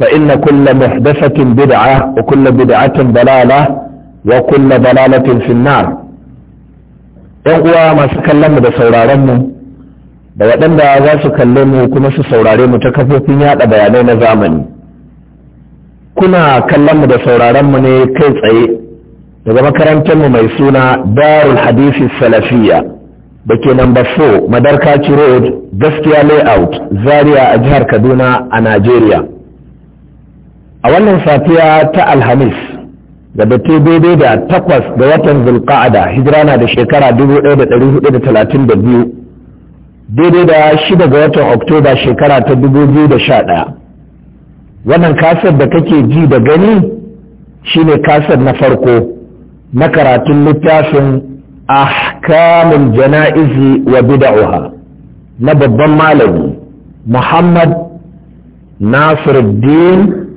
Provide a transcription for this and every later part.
فإن كل محدثة بدعة وكل بدعة ضلالة وكل ضلالة في النار uwa masu kallon mu da sauraron mu da waɗanda za su kalle mu kuma su saurare mu ta kafofin yaɗa bayanai na zamani kuna kallon mu da sauraron mu ne kai tsaye daga makarantar mu mai suna darul hadisi salafiya da ke namba 4 madarkaci road gaskiya layout zaria a jihar kaduna a najeriya a wannan safiya ta alhamis da da daidai da takwas da watan zulqa'ada hijira na da shekara 1432 daidai da shida ga watan oktoba shekara ta 2011 wannan kasar da kake ji da gani shine kasar na farko na karatun littafin ahkamul jana'izi wa bid'uha na babban malami muhammad nasiruddin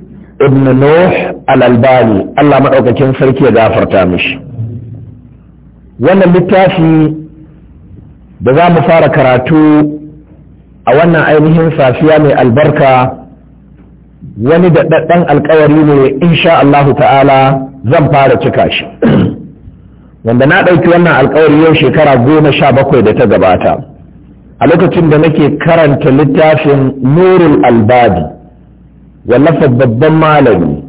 ibn nuh al-albani Allah maɗaukakin sarki ya gafarta mishi wannan littafi da za mu fara karatu a wannan ainihin safiya mai albarka wani daɗaɗɗen alkawari ne insha Allahu ta'ala zan fara cika shi wanda na ɗauki wannan alkawari yau shekara goma sha bakwai da ta gabata a lokacin da nake karanta littafin nurul albadi wallafa babban malami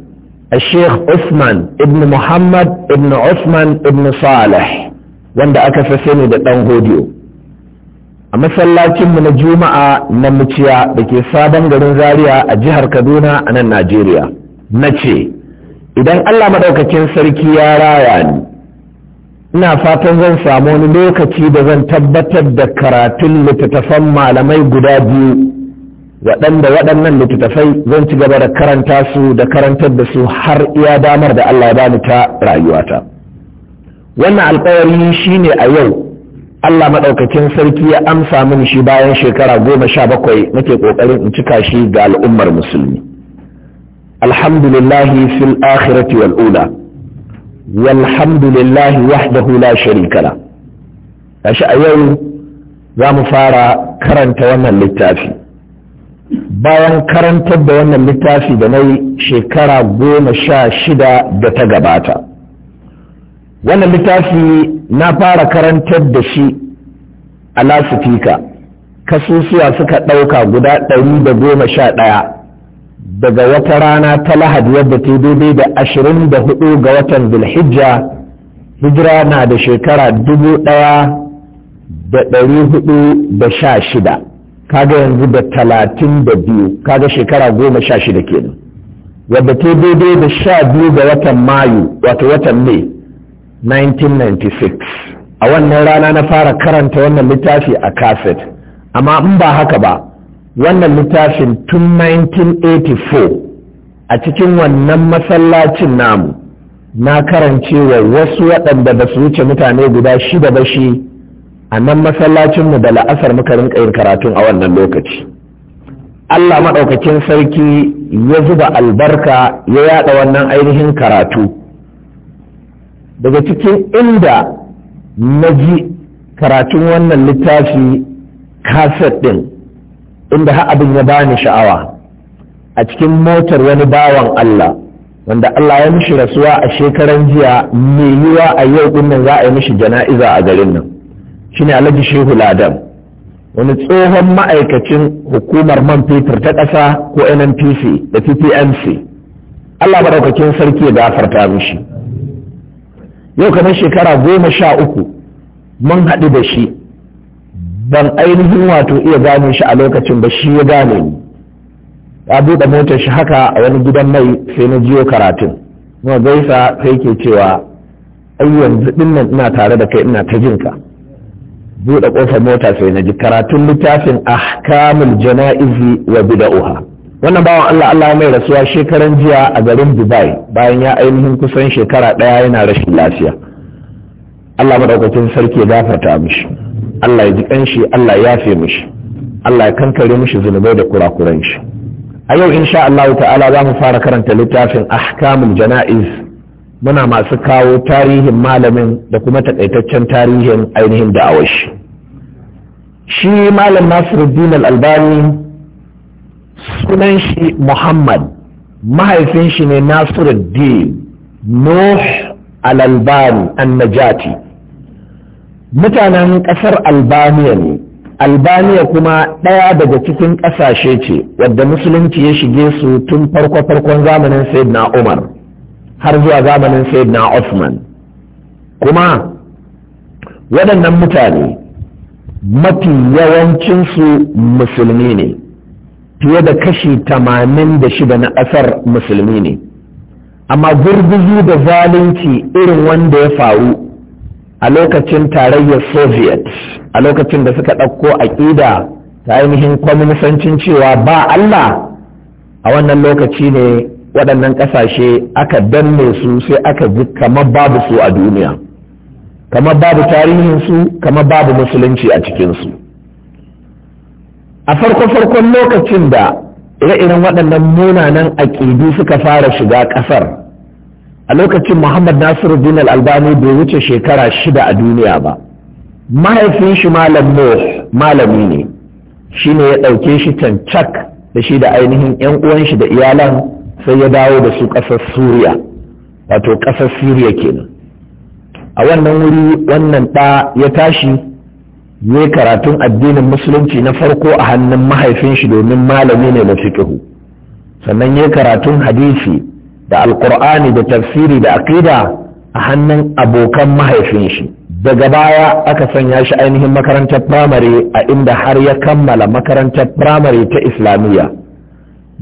a sheikh usman ibn muhammad ibn usman ibn salih wanda aka fi sani da ɗan godiyo, a masallacinmu na juma'a na muciya da ke sabon garin zaria a jihar kaduna a nan najeriya na ce idan allah maɗaukacin sarki ya raya ni ina fatan zan samu wani lokaci da zan tabbatar da karatun littattafan malamai guda biyu waɗanda waɗannan littattafai zan ci gaba da karanta su da karantar da su har iya damar da Allah ya bani ta rayuwata wannan alkawari shine a yau Allah maɗaukakin sarki ya amsa min shi bayan shekara goma sha bakwai nake ƙoƙarin in cika shi ga al'ummar musulmi alhamdulillahi fil akhirati wal ula walhamdulillahi wahdahu la sharika la a yau za mu fara karanta wannan littafi bayan karantar da wannan littafi da na shekara goma sha shida da ta gabata wannan littafi na fara karantar da shi a lasifika kasusuwa suka ɗauka guda ɗari da goma sha ɗaya daga wata rana ta lahadi wadda ta daidai da ashirin da hudu ga watan zulhijja hijira na da shekara dubu ɗaya da ɗari hudu da sha shida kaga yanzu da talatin da biyu kaga shekara goma sha shida kenan wadda ta daidai da sha biyu da watan mayu wato watan mai 1996 a wannan rana na fara karanta wannan littafi a kaset amma in ba haka ba wannan littafin tun 1984 a cikin wannan masallacin namu na karancewa wasu waɗanda ba su wuce mutane guda shida ba shi a nan masallacinmu da la'asar muka rinka yin karatun a wannan lokaci allah maɗaukakin sarki ya zuba albarka ya yaɗa wannan ainihin karatu daga cikin inda na ji karatun wannan littafi kaset ɗin inda ha abin ya bani sha'awa a cikin motar wani bawan allah wanda Allah ya mishi rasuwa a shekaran jiya mai yiwa a yau din nan za a yi mishi jana'iza a garin nan shine alhaji shehu ladan wani tsohon ma'aikacin hukumar man fetur ta ƙasa ko nnpc da ppmc allah maɗaukakin sarki ya gafarta mishi yau kamar shekara goma sha uku mun haɗu da shi ban ainihin wato iya gane shi a lokacin ba shi ya gane ni ya buɗe motar shi haka a wani gidan mai sai na jiyo karatun kuma gaisa sai ke cewa ai yanzu ɗin nan ina tare da kai ina ta jinka buɗe ƙofar mota sai na ji karatun littafin ahkamul jana'izi wa bida'uha wannan bawan Allah Allah mai rasuwa shekaran jiya a garin Dubai bayan ya ainihin kusan shekara ɗaya yana rashin lafiya Allah madaukakin sarki ya gafarta mishi Allah ya ji kanshi Allah ya fi mishi Allah ya kankare mishi zunubai da kurakuran shi a yau insha Allah ta'ala za mu fara karanta littafin ahkamul jana'iz muna masu kawo tarihin malamin da kuma takaitaccen tarihin ainihin da'awar shi shi malam nasiruddin al-albani sunan shi muhammad mahaifin shi ne nasiruddin nuh al-albani an-najati mutanen kasar albaniya ne albaniya kuma ɗaya daga cikin ƙasashe ce wadda musulunci ya shige su tun farko-farkon zamanin sayyidina umar har zuwa zamanin sayyidina Osman kuma waɗannan mutane mafi yawancinsu musulmi ne fiye da kashi tamanin da shida na ƙasar musulmi ne amma gurguzu da zalunci irin wanda ya faru a lokacin tarayyar soviet a lokacin da suka ɗauko aƙida ta ainihin kwaminisancin cewa ba allah a wannan lokaci ne waɗannan ƙasashe aka danne su sai aka ji kamar babu su a duniya kamar babu tarihin su kamar babu musulunci a cikinsu a farko-farkon lokacin da ire-iren waɗannan munanan aƙidu suka fara shiga ƙasar a lokacin muhammad nasiru bin albani bai wuce shekara shida a duniya ba mahaifin shi malam malami ne shine ya ɗauke shi tancak da shi da ainihin 'yan uwan shi da iyalan sai ya dawo da su ƙasar suriya wato ƙasar siriya kenan a wannan wuri wannan ɗa ya tashi ya karatun addinin musulunci na farko a hannun mahaifin shi domin malami ne na fiƙihu sannan ya karatun hadisi da Alƙur'ani da tafsiri da aƙida a hannun abokan mahaifin shi daga baya aka sanya shi ainihin makarantar firamare a inda har ya kammala makarantar firamare ta islamiyya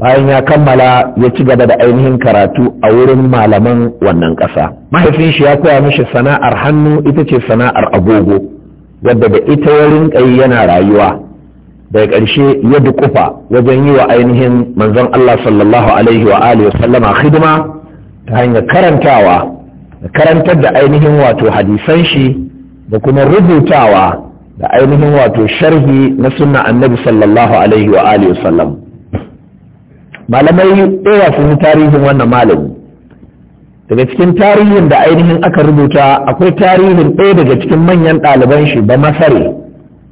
bayan ya kammala ya ci gaba da ainihin karatu a wurin malaman wannan ƙasa mahaifin shi ya koya mishi sana'ar hannu ita ce sana'ar agogo wadda da ita ya rinka yi yana rayuwa daga ƙarshe ya dukufa wajen yi wa ainihin manzon Allah sallallahu alaihi wa alihi sallama hidima ta hanyar karantawa da karantar da ainihin wato hadisan shi da kuma rubutawa da ainihin wato sharhi na sunna annabi sallallahu alaihi wa alihi sallam malamai ɗaya sun yi tarihin wannan malami daga cikin tarihin da ainihin aka rubuta akwai tarihin ɗaya daga cikin manyan ɗaliban shi ba masare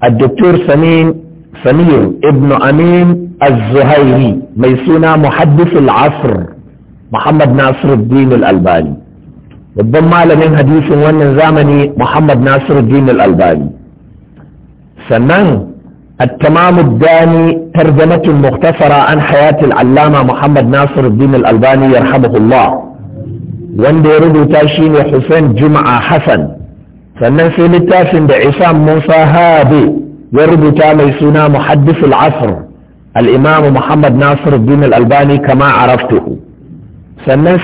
a doktor samir ibn amin az-zuhairi mai suna muhaddisul asr muhammad nasiruddin al-albani babban malamin hadisin wannan zamani muhammad nasiruddin al-albani sannan التمام الداني ترجمة مختصرة عن حياة العلامة محمد ناصر الدين الألباني يرحمه الله وندي ردو تاشين حسين جمعة حسن في للتاسم بعصام موسى هادي يردو تامي سنا محدث العصر الإمام محمد ناصر الدين الألباني كما عرفته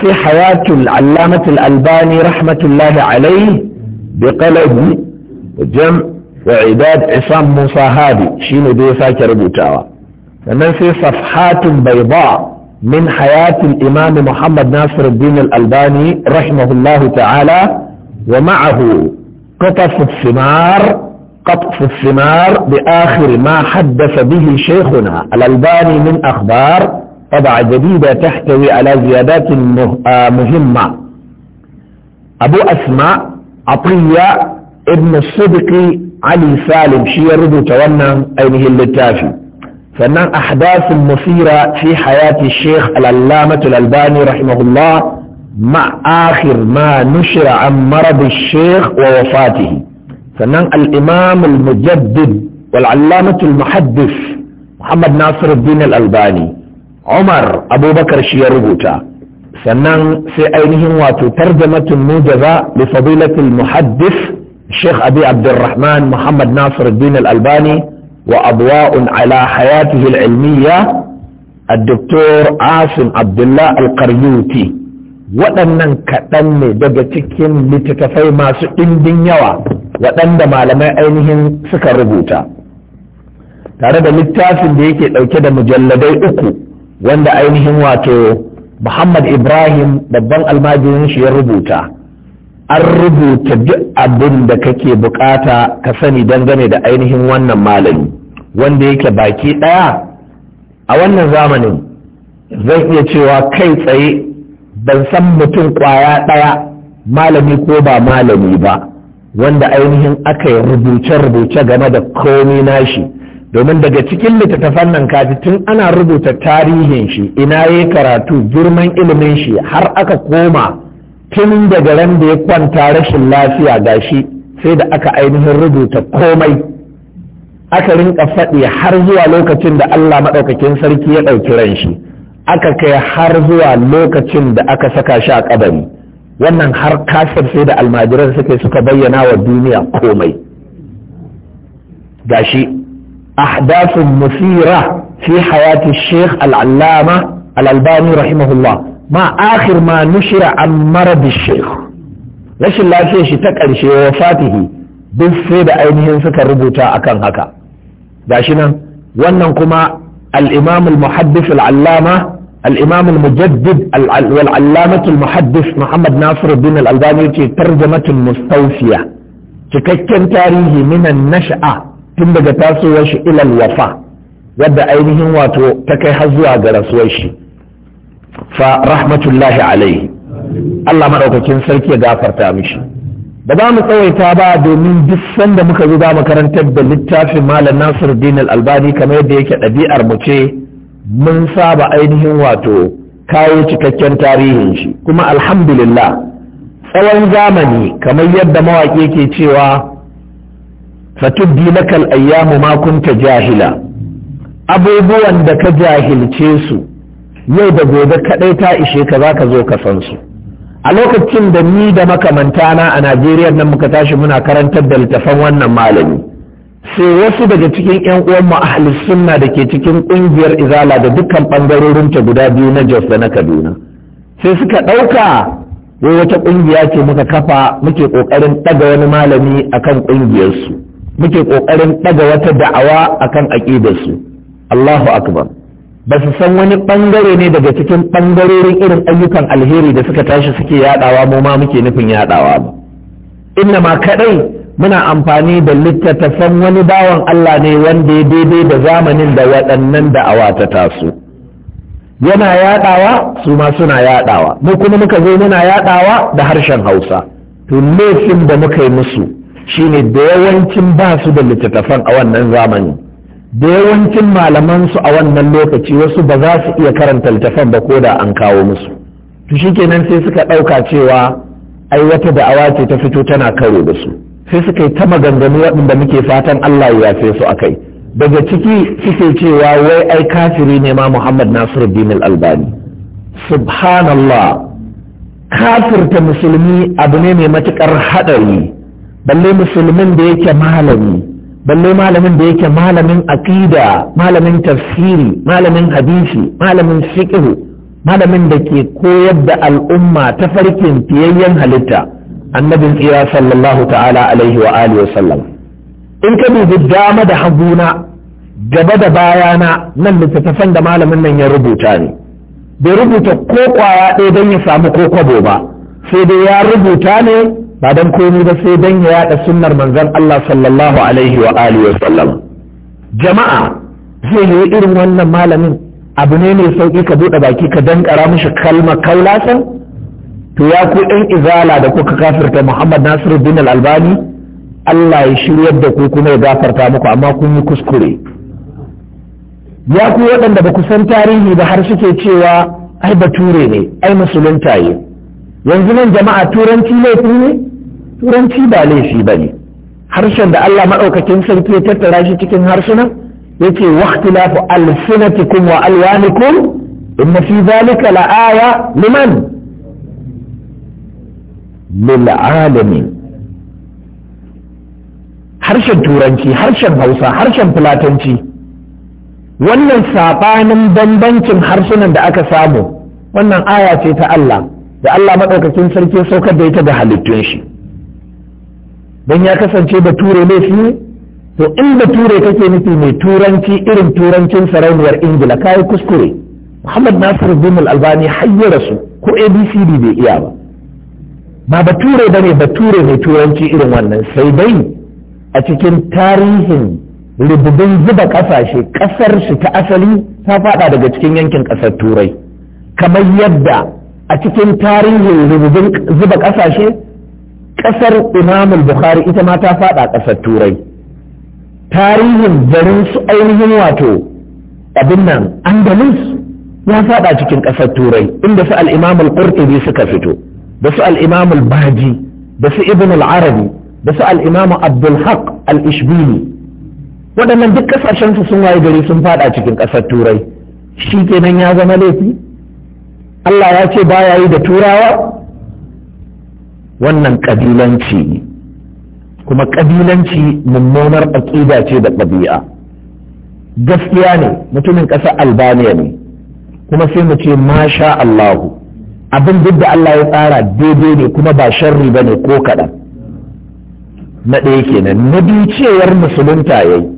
في حياة العلامة الألباني رحمة الله عليه بقلب جمع وعباد عصام موسى هادي شينو دي ساكي ربوتاوا sannan sai safhatun baiba min hayatul imam muhammad nasir din al-albani rahimahullahu ta'ala wa ma'ahu qatf قطف الثمار بآخر ما حدث به شيخنا الألباني من أخبار طبعة جديدة تحتوي على زيادات آه، مهمة أبو أسماء عطية ابن الصدقي علي سالم شي رضوت ونا أينه اللتافي فنان أحداث مثيرة في حياة الشيخ الألامة الألباني رحمه الله مع آخر ما نشر عن مرض الشيخ ووفاته فنان الإمام المجدد والعلامة المحدث محمد ناصر الدين الألباني عمر أبو بكر شي رضوتا فنان في أينه واتو ترجمة موجزة لفضيلة المحدث الشيخ أبي عبد الرحمن محمد ناصر الدين الألباني وأضواء على حياته العلمية الدكتور عاصم عبد الله القريوتي waɗannan kaɗan ne daga cikin littattafai masu ɗimbin yawa waɗanda malamai ainihin suka rubuta tare da littafin da yake ɗauke da mujalladai uku wanda ainihin wato muhammad ibrahim babban almajirin shi ya rubuta an rubuta duk abin da kake bukata ka sani dangane da ainihin wannan malami wanda yake baki ɗaya a wannan zamanin zai iya cewa kai tsaye ban san mutum kwaya ɗaya malami ko ba malami ba wanda ainihin aka yi rubuce-rubuce game da komi nashi domin daga cikin littattafan nan kaji tun ana rubuta tarihin shi ina ya karatu girman ilimin shi har aka koma tun daga ran da ya kwanta rashin lafiya gashi sai da aka ainihin rubuta komai aka rinka faɗi har zuwa lokacin da Allah maɗaukakin sarki ya ɗauki ran shi aka kai har zuwa lokacin da aka saka shi a ƙabari wannan har kasar sai da almajiran suke suka bayyana wa duniya komai gashi ahdathun musira fi hayati sheikh al'allama al'albani rahimahullah ma akhir ma nushira an maradi sheikh rashin lafiyar shi ta ƙarshe wa fatihi duk sai da ainihin suka rubuta akan haka gashi nan wannan kuma al-imam al-muhaddith wal-allama al-muhaddith muhammad nasiruddin al-albani yace tarjumatul mustawfiya cikakken tarihi minan nash'a tun daga tasowar shi ilal wafa wadda ainihin wato ta kai har zuwa ga rasuwar shi fa rahmatullahi alaihi Allah maɗaukakin sarki ya gafarta mishi ba za mu tsawaita ba domin duk sanda muka zo za makarantar da littafin malam Nasir Din Albani kamar yadda yake ɗabi'ar mu ce mun saba ainihin wato kawo cikakken tarihin shi kuma alhamdulillah tsawon zamani kamar yadda mawaƙi ke cewa fatubbi lakal ayyamu ma kunta jahila abubuwan da ka jahilce su yau da gobe kaɗai ta ishe ka za ka zo ka san su a lokacin da ni da makamantana a najeriya nan muka tashi muna karantar da littafan wannan malami sai wasu daga cikin 'yan uwanmu a sunna da ke cikin ƙungiyar izala da dukkan bangarorin ta guda biyu na jos da na kaduna sai suka ɗauka wai wata ƙungiya ce muka kafa muke ƙoƙarin ɗaga wani malami akan ƙungiyarsu muke ƙoƙarin ɗaga wata da'awa akan aƙidarsu allahu akbar ba su san wani bangare ne daga cikin bangarorin irin ayyukan alheri da suka tashi suke yadawa mu ma muke nufin yadawa ba inna ma kadai muna amfani da littattafan wani bawan Allah ne wanda ya daidai da zamanin da waɗannan da ta taso yana yadawa su ma suna yadawa mu kuma muka zo muna yadawa da harshen Hausa to laifin da muka yi musu shine da yawancin ba su da littattafan a wannan zamanin da yawancin malaman su a wannan lokaci wasu ba za su iya karanta littafan ba ko da an kawo musu to shikenan sai suka ɗauka cewa ai wata da'awa ce ta fito tana karo da su sai suka yi ta maganganu waɗanda muke fatan Allah ya yafe su akai daga ciki suke cewa wai ai kafiri ne ma Muhammad Nasiruddin Al-Albani subhanallah kafirta musulmi abu ne mai matukar haɗari balle musulmin da yake malami balle malamin da yake malamin aqida malamin tafsiri malamin hadisi malamin fiqh malamin da ke koyar da al'umma ta farkin fiyayyen halitta annabin tsira sallallahu ta'ala alaihi wa alihi wa sallam in ka dubi dama da haguna gaba da bayana nan littattafan da malamin nan ya rubuta ne bai rubuta ko kwaya ɗaya don ya samu ko kwabo ba sai dai ya rubuta ne ba don komai ba sai don ya yada sunnar manzon Allah sallallahu alaihi wa wa sallam jama'a zai yi irin wannan malamin abu ne mai sauƙi ka bude baki ka dankara mishi kalma kaulasa to ya ku ɗan izala da kuka kafirta Muhammad Nasiruddin Al-Albani Allah ya shiryar da ku kuma ya gafarta muku amma kun yi kuskure ya ku waɗanda ba ku san tarihi ba har suke cewa ai bature ne ai musulunta yi yanzu nan jama'a turanci laifi ne turanci ba laifi ba ne harshen da Allah maɗaukakin sarki ya tattara shi cikin harsunan yake waqtilafu alsinatikum wa in na fi zalika la'aya liman lil harshen turanci harshen hausa harshen fulatanci wannan sabanin bambancin harsunan da aka samu wannan aya ce ta Allah da Allah maɗaukakin sarki saukar da ita da halittun shi don ya kasance bature laifi ne to in bature kake nufi mai turanci irin turancin sarauniyar ingila kayi kuskure muhammad nasir bin albani hayyara su ko abcd bai iya ba ba bature ba ne bature mai turanci irin wannan sai dai a cikin tarihin rububin zuba kasashe kasar shi ta asali ta faɗa daga cikin yankin ƙasar turai kamar yadda a cikin tarihin rububin zuba ƙasashe ƙasar imamul bukhari ita ma ta faɗa ƙasar turai tarihin garin su ainihin wato abin nan andalus ya faɗa cikin ƙasar turai inda su al'imamul qurtubi suka fito da su al'imamul baji da su ibn al-arabi da su al'imamu abdulhaq al-ishbili waɗannan duk ƙasashensu sun waye gari sun faɗa cikin ƙasar turai shi kenan ya zama laifi Allah ya ce baya yi da turawa wannan ƙabilanci ne kuma ƙabilanci mummunar aƙida ce da ɗabi'a gaskiya ne mutumin ƙasar albaniya ne kuma sai mu ce masha Allahu abin duk da Allah ya tsara daidai ne kuma ba sharri ba ne ko kaɗan na ɗaya kenan na biyu cewar musulunta yayi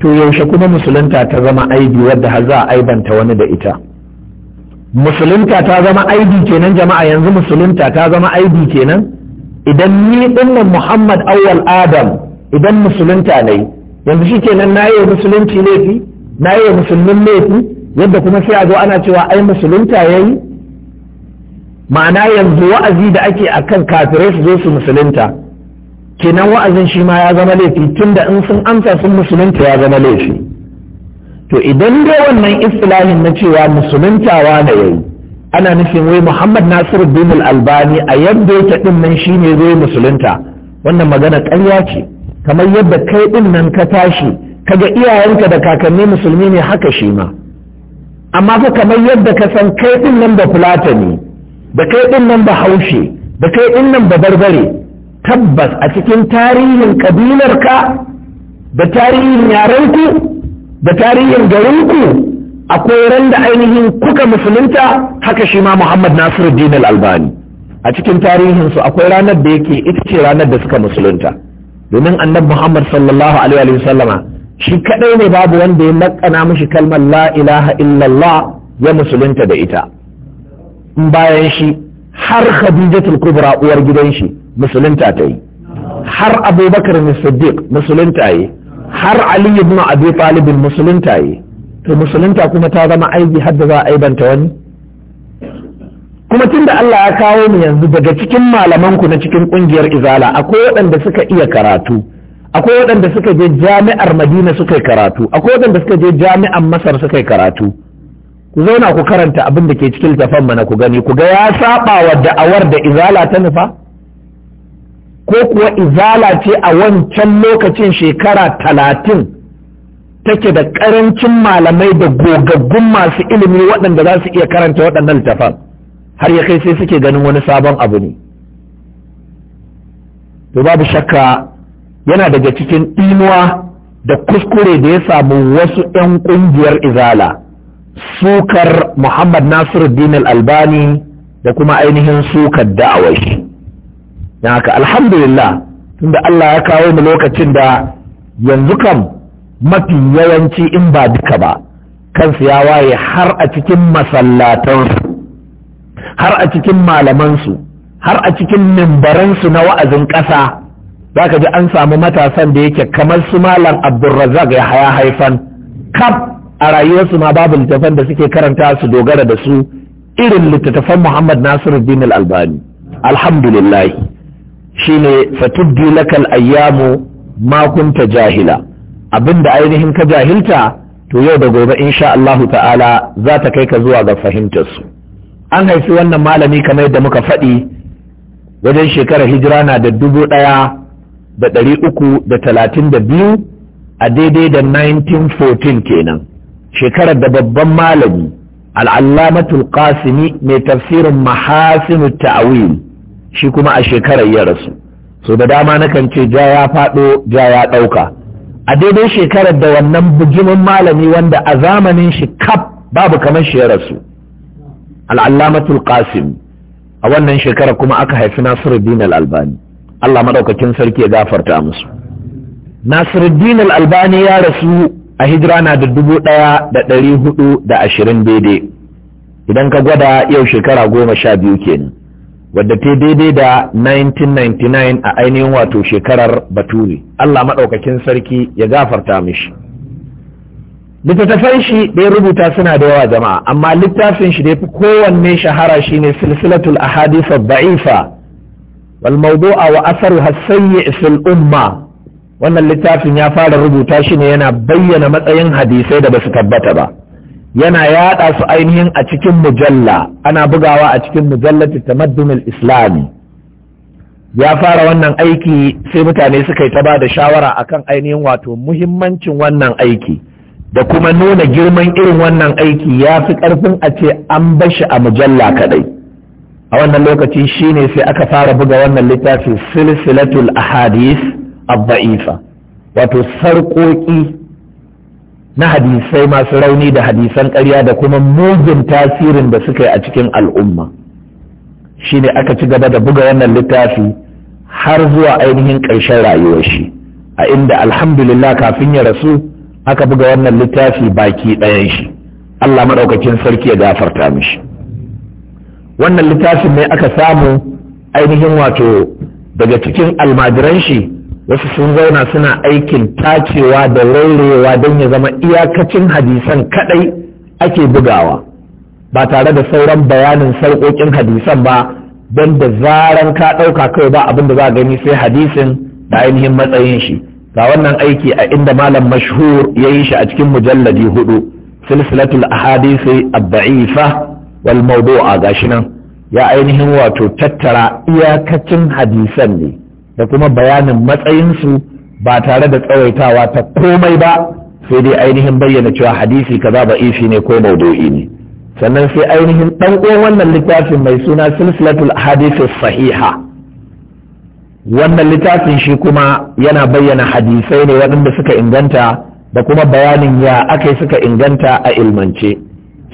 to yaushe kuma musulunta ta zama aibi wadda har za a aibanta wani da ita musulunta ta zama I.D kenan jama'a yanzu musulunta ta zama aidi kenan idan ni dinnan muhammad awwal adam idan musulunta ne yanzu shi kenan na yi musulunci laifi na yi musulmin laifi yadda kuma sai a zo ana cewa ai musulunta ya yi ma'ana yanzu wa'azi da ake akan kafirai su zo su musulunta kenan wa'azin shi ma ya zama laifi tunda in sun amsa sun musulunta ya zama laifi to idan dai wannan istilahin na cewa musuluntawa ne yayi ana nufin wai Muhammad Nasiru bin Albani a yadda yake din nan shine zai musulunta wannan magana ƙarya ce kamar yadda kai din nan ka tashi kaga iyayenka da kakanni musulmi ne haka shi ma amma fa kamar yadda ka san kai din nan ba fulata ne da kai din nan ba haushe da kai din nan ba barbare tabbas a cikin tarihin kabilarka da tarihin ku. da tarihin garinku akwai ran da ainihin kuka musulunta haka shi ma Muhammad Nasiruddin Al-Albani a cikin tarihinsu akwai ranar da yake ita ce ranar da suka musulunta domin annabi Muhammad sallallahu alaihi wa shi kadai ne babu wanda ya nakana mishi kalmar la ilaha illallah ya musulunta da ita in bayan shi har Khadijatul Kubra uwar gidan shi musulunta ta yi har Abubakar Siddiq musulunta yi har ali ibn abi Talib musulunta yi to musulunta kuma ta zama aiki har da za a aibanta wani kuma tun da Allah ya kawo mu yanzu daga cikin malaman ku na cikin kungiyar izala akwai waɗanda suka iya karatu akwai waɗanda suka je jami'ar madina suka karatu akwai waɗanda suka je jami'an masar suka karatu ku zauna ku karanta abin da ke cikin tafan mana ku gani ku ga ya saba wa da'awar da izala ta nufa ko kuwa izala ce a wancan lokacin shekara talatin take da ƙarancin malamai da gogaggun masu ilimi waɗanda za su iya karanta waɗannan littafan har ya kai sai suke ganin wani sabon abu ne to babu shakka yana daga cikin ɗinuwa da kuskure da ya samu wasu 'yan ƙungiyar izala sukar muhammad nasiru din albani da kuma ainihin sukar da'awai. don haka alhamdulillah tunda Allah ya kawo mu lokacin da yanzu kam mafi yawanci in ba duka ba kansu ya waye har a cikin masallatansu har a cikin malamansu har a cikin mimbaransu na wa'azin ƙasa za ka ji an samu matasan da yake kamar su malam abdulrazak ya haya haifan kaf a rayuwarsu ma babu littattafan da suke karanta su dogara da su irin littattafan muhammad nasiruddin al-albani alhamdulillahi. shine fatuddi lakal ayyamu ma kunta jahila abinda ainihin ka jahilta to yau da gobe insha Allahu ta'ala za ta kai ka zuwa ga fahimtar su an haifi wannan malami kamar yadda muka faɗi wajen shekarar hijira na da dubu ɗaya da ɗari uku da talatin da biyu a daidai da 1914 kenan shekarar da babban malami al'allamatul qasimi mai tafsirin mahasinu ta'awil shi kuma a shekarar ya rasu so da dama nakan ce ja ya faɗo ja ya ɗauka a daidai shekarar da wannan bujimin malami wanda a zamanin shi kaf babu kamar shi ya rasu al'allamatul qasim a wannan shekarar kuma aka haifi nasiruddin al'albani allah maɗaukakin sarki ya gafarta musu nasiruddin Albani ya rasu a hijira na da dubu ɗaya da ɗari hudu da ashirin daidai idan ka gwada yau shekara goma sha biyu kenan wadda ta daidai da 1999 a ainihin wato shekarar baturi Allah maɗaukakin sarki ya gafarta mishi littattafan shi daya rubuta suna da yawa jama'a amma littafin shi da fi kowanne shahara shine silsilatul ahadith ad-da'ifa wal mawdu'a wa asaruha as fil umma wannan littafin ya fara rubuta shi ne yana bayyana matsayin hadisai da basu tabbata ba yana yaɗa su ainihin a cikin mujalla ana bugawa a cikin mujallati tamaddunul islami ya fara wannan aiki sai mutane suka yi ta ba da shawara a kan ainihin wato muhimmancin wannan aiki da kuma nuna girman irin wannan aiki ya fi karfin a ce an bashi a mujalla kaɗai a wannan lokaci shine sai aka fara buga wannan littafin silsilatul ahadith ad-da'ifa wato sarƙoƙi na hadisai masu rauni da hadisan ƙarya da kuma mugun tasirin da suka yi a cikin al'umma shi ne aka ci gaba da buga wannan littafi har zuwa ainihin ƙarshen rayuwar shi a inda alhamdulillah kafin ya rasu aka buga wannan littafi baki ɗayan shi allah maɗaukakin sarki ya gafarta mishi wannan littafin ne aka samu ainihin wato daga cikin almajiran shi wasu sun zauna suna aikin tacewa da rairewa don ya zama iyakacin hadisan kadai ake bugawa ba tare da sauran bayanin sarƙoƙin hadisan ba don da zaran ka ɗauka kawai ba abin da za a gani sai hadisin da ainihin matsayin shi ga wannan aiki a inda malam mashhur ya yi shi a cikin mujalladi hudu silsilatul ahadisi ad wal mawdu'a gashi nan ya ainihin wato tattara iyakacin hadisan ne da kuma bayanin matsayinsu ba tare da tsawaitawa ta komai ba sai dai ainihin bayyana cewa hadisi kaza ba isi ne ko maudu'i ne sannan sai ainihin ɗan wannan littafin mai suna silsilatul hadisi sahiha wannan littafin shi kuma yana bayyana hadisai ne waɗanda suka inganta da kuma bayanin ya aka suka inganta a ilmance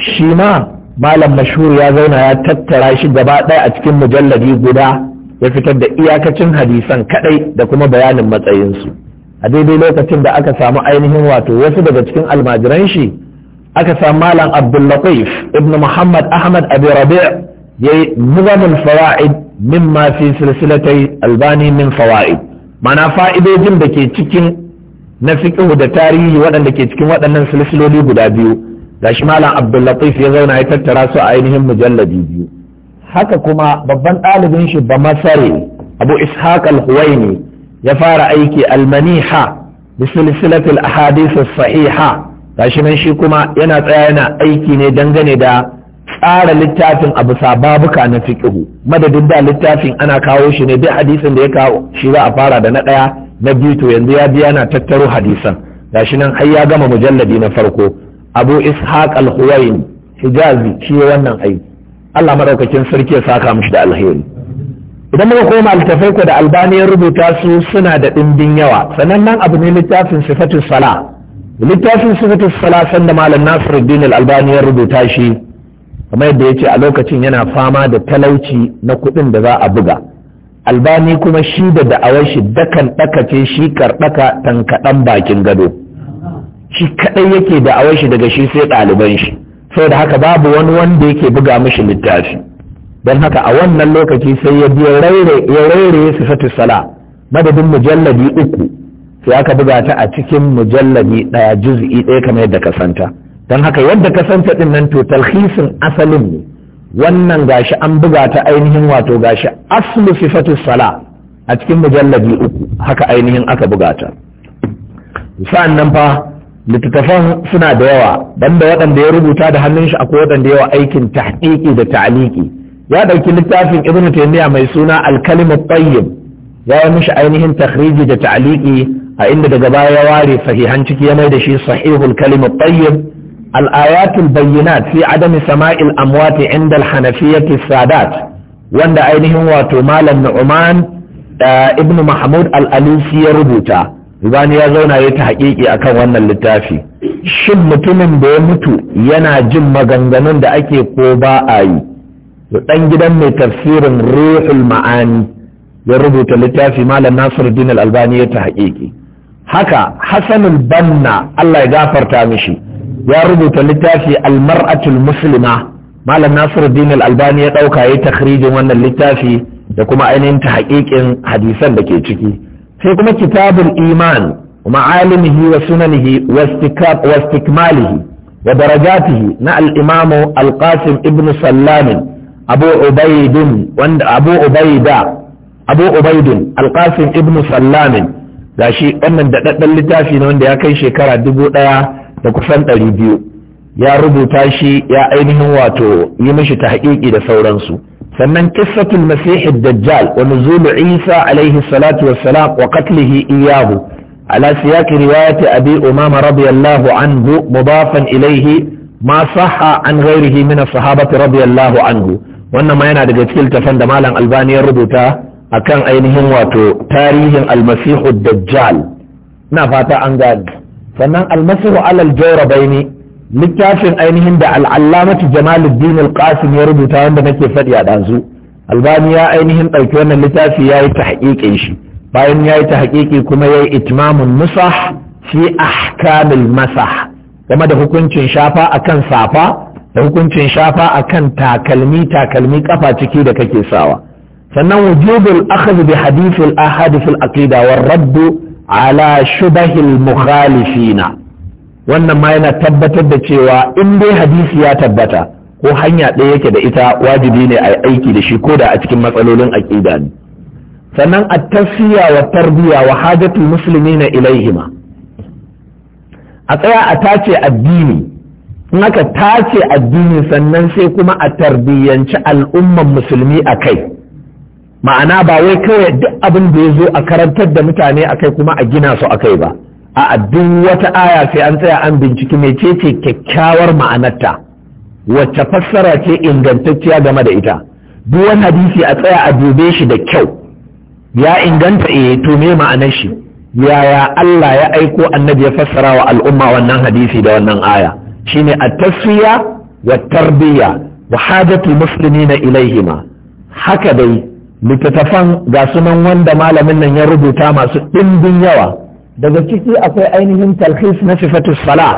shi ma malam mashhur ya zauna ya tattara shi gaba ɗaya a cikin mujalladi guda ya fitar da iyakacin hadisan kadai da kuma bayanin matsayinsu a daidai lokacin da aka samu ainihin wato wasu daga cikin almajiran shi aka samu malam abdullatif ibn muhammad ahmad abi rabi' ya yi nizamul fawa'id mimma fi silsilatai albani min fawa'id mana fa'idojin da ke cikin na fiqhu da tarihi waɗanda ke cikin waɗannan silsiloli guda biyu gashi malam abdullatif ya zauna ya tattara su a ainihin mujalladi biyu haka kuma babban ɗalibin shi ba masare abu ishaq al-huwaini ya fara aiki almaniha bi silsilatil ahadith as-sahiha gashi nan shi kuma yana tsaya yana aiki ne dangane da tsara littafin abu sababuka na fiqhu madadin da littafin ana kawo shi ne bi hadisin da ya kawo shi za a fara da na ɗaya na biyu to yanzu ya biya na tattaro hadisan gashi nan har ya gama mujalladi na farko abu ishaq al-huwaini hijazi shi wannan aiki Allah madaukakin sarki ya saka mishi da alheri idan muka koma littafai ku da albani ya rubuta su suna da ɗimbin yawa sannan nan abu ne littafin sifatul sala littafin sifatul sala sanda malam nasiruddin al-albani ya rubuta shi kamar yadda ya ce a lokacin yana fama da talauci na kuɗin da za a buga albani kuma shi da da'awar shi dakan ɗakace shi karɗaka tankaɗan bakin gado shi kaɗai yake da'awar shi daga shi sai ɗaliban shi sai da haka babu wani wanda yake buga mashi littafi don haka a wannan lokaci sai ya biya raire su satu sala madadin mujallabi uku sai aka buga ta a cikin mujallabi ɗaya juz'i ɗaya kamar yadda ka santa don haka yadda ka santa ɗin nan to talhisin asalin ne wannan gashi an buga ta ainihin wato gashi aslu sifatu sala a cikin mujallabi uku haka ainihin aka buga ta sa'an nan fa littattafan suna da yawa banda waɗanda ya rubuta da hannun shi akwai waɗanda yawa aikin tahqiqi da ta'liqi ya ɗauki littafin ibn taymiya mai suna al-kalim tayyib ya yi mishi ainihin takhriji da ta'liqi a inda daga baya ya ware sahihan ciki ya mai da shi sahihul kalim tayyib al ayatul al-bayyinat fi adam sama'il amwati inda al-hanafiyyah sadat wanda ainihin wato malam nu'man eh, ibn mahmud al-alusi ya rubuta Ribani ya zauna ya ta haƙiƙi akan wannan littafi shin mutumin da ya mutu yana jin maganganun da ake ko ba a yi ɗan gidan mai tafsirin ruhul ma'ani ya rubuta littafi malam nasiru al-albani ya ta haƙiƙi haka hasanul banna Allah ya gafarta mishi ya rubuta littafi almar'atul muslima malam nasiru al-albani ya ɗauka ya takhrijin wannan littafi da kuma ainihin ta haƙiƙin hadisan da ke ciki sai kuma kitabul iman ma'alimihi wa sunanihi wa istikmalihi wa darajatihi na al-imamu al-qasim ibn sallamin abu ubaidin wanda abu ubaida abu ubaidin al-qasim ibn sallamin gashi wannan daɗaɗɗen littafi ne wanda ya kai shekara dubu ɗaya da kusan ɗari biyu ya rubuta shi ya ainihin wato yi mishi ta da sauransu sannan qissatul masih ad-dajjal wa nuzul isa alayhi salatu wassalam wa qatlihi iyahu ala siyaq riwayat abi umama radiyallahu anhu mudafan ilayhi ma sahha an ghairihi min as-sahabati radiyallahu anhu wannan ma yana daga cikin tafan da malam albani ya rubuta akan ainihin wato tarihin almasihu dajjal na fata an gani sannan almasihu alal jawrabaini littafin ainihin da al'allamatu jamaluddin al-qasim ya rubuta wanda nake faɗi a ɗazu albani ya ainihin ɗauki wannan littafi ya yi ta shi bayan ya yi ta kuma ya yi itmamun musah fi ahkamil masah game da hukuncin shafa akan safa da hukuncin shafa akan takalmi takalmi kafa ciki da kake sawa sannan wujubul akhdh bi hadithil ahad fil aqida war radd ala shubahil mukhalifina wannan ma yana tabbatar da cewa in dai hadisi ya tabbata ko hanya ɗaya yake da ita wajibi ne a aiki da shi ko da a cikin matsalolin aƙida ne sannan a tafiya wa tarbiya wa musulmi na ilaihima a tsaya a tace addini in aka tace addini sannan sai kuma a tarbiyyanci al'umman musulmi a kai ma'ana ba wai kawai duk abin da ya zo a karantar da mutane a kai kuma a gina su a kai ba a duk wata aya sai an tsaya an binciki cece kyakkyawar ma'anarta wacce fassara ce ingantacciya game da ita duk wani hadisi a tsaya a dube shi da kyau ya inganta eh to me ma'anar shi yaya Allah ya aiko annabi ya fassara wa al'umma wannan hadisi da wannan aya shine at-tasfiya wa tarbiya wa hajatu muslimina ilaihima haka dai littattafan ga sunan wanda malamin nan ya rubuta masu ɗimbin yawa daga ciki akwai ainihin talhis na sifatu sala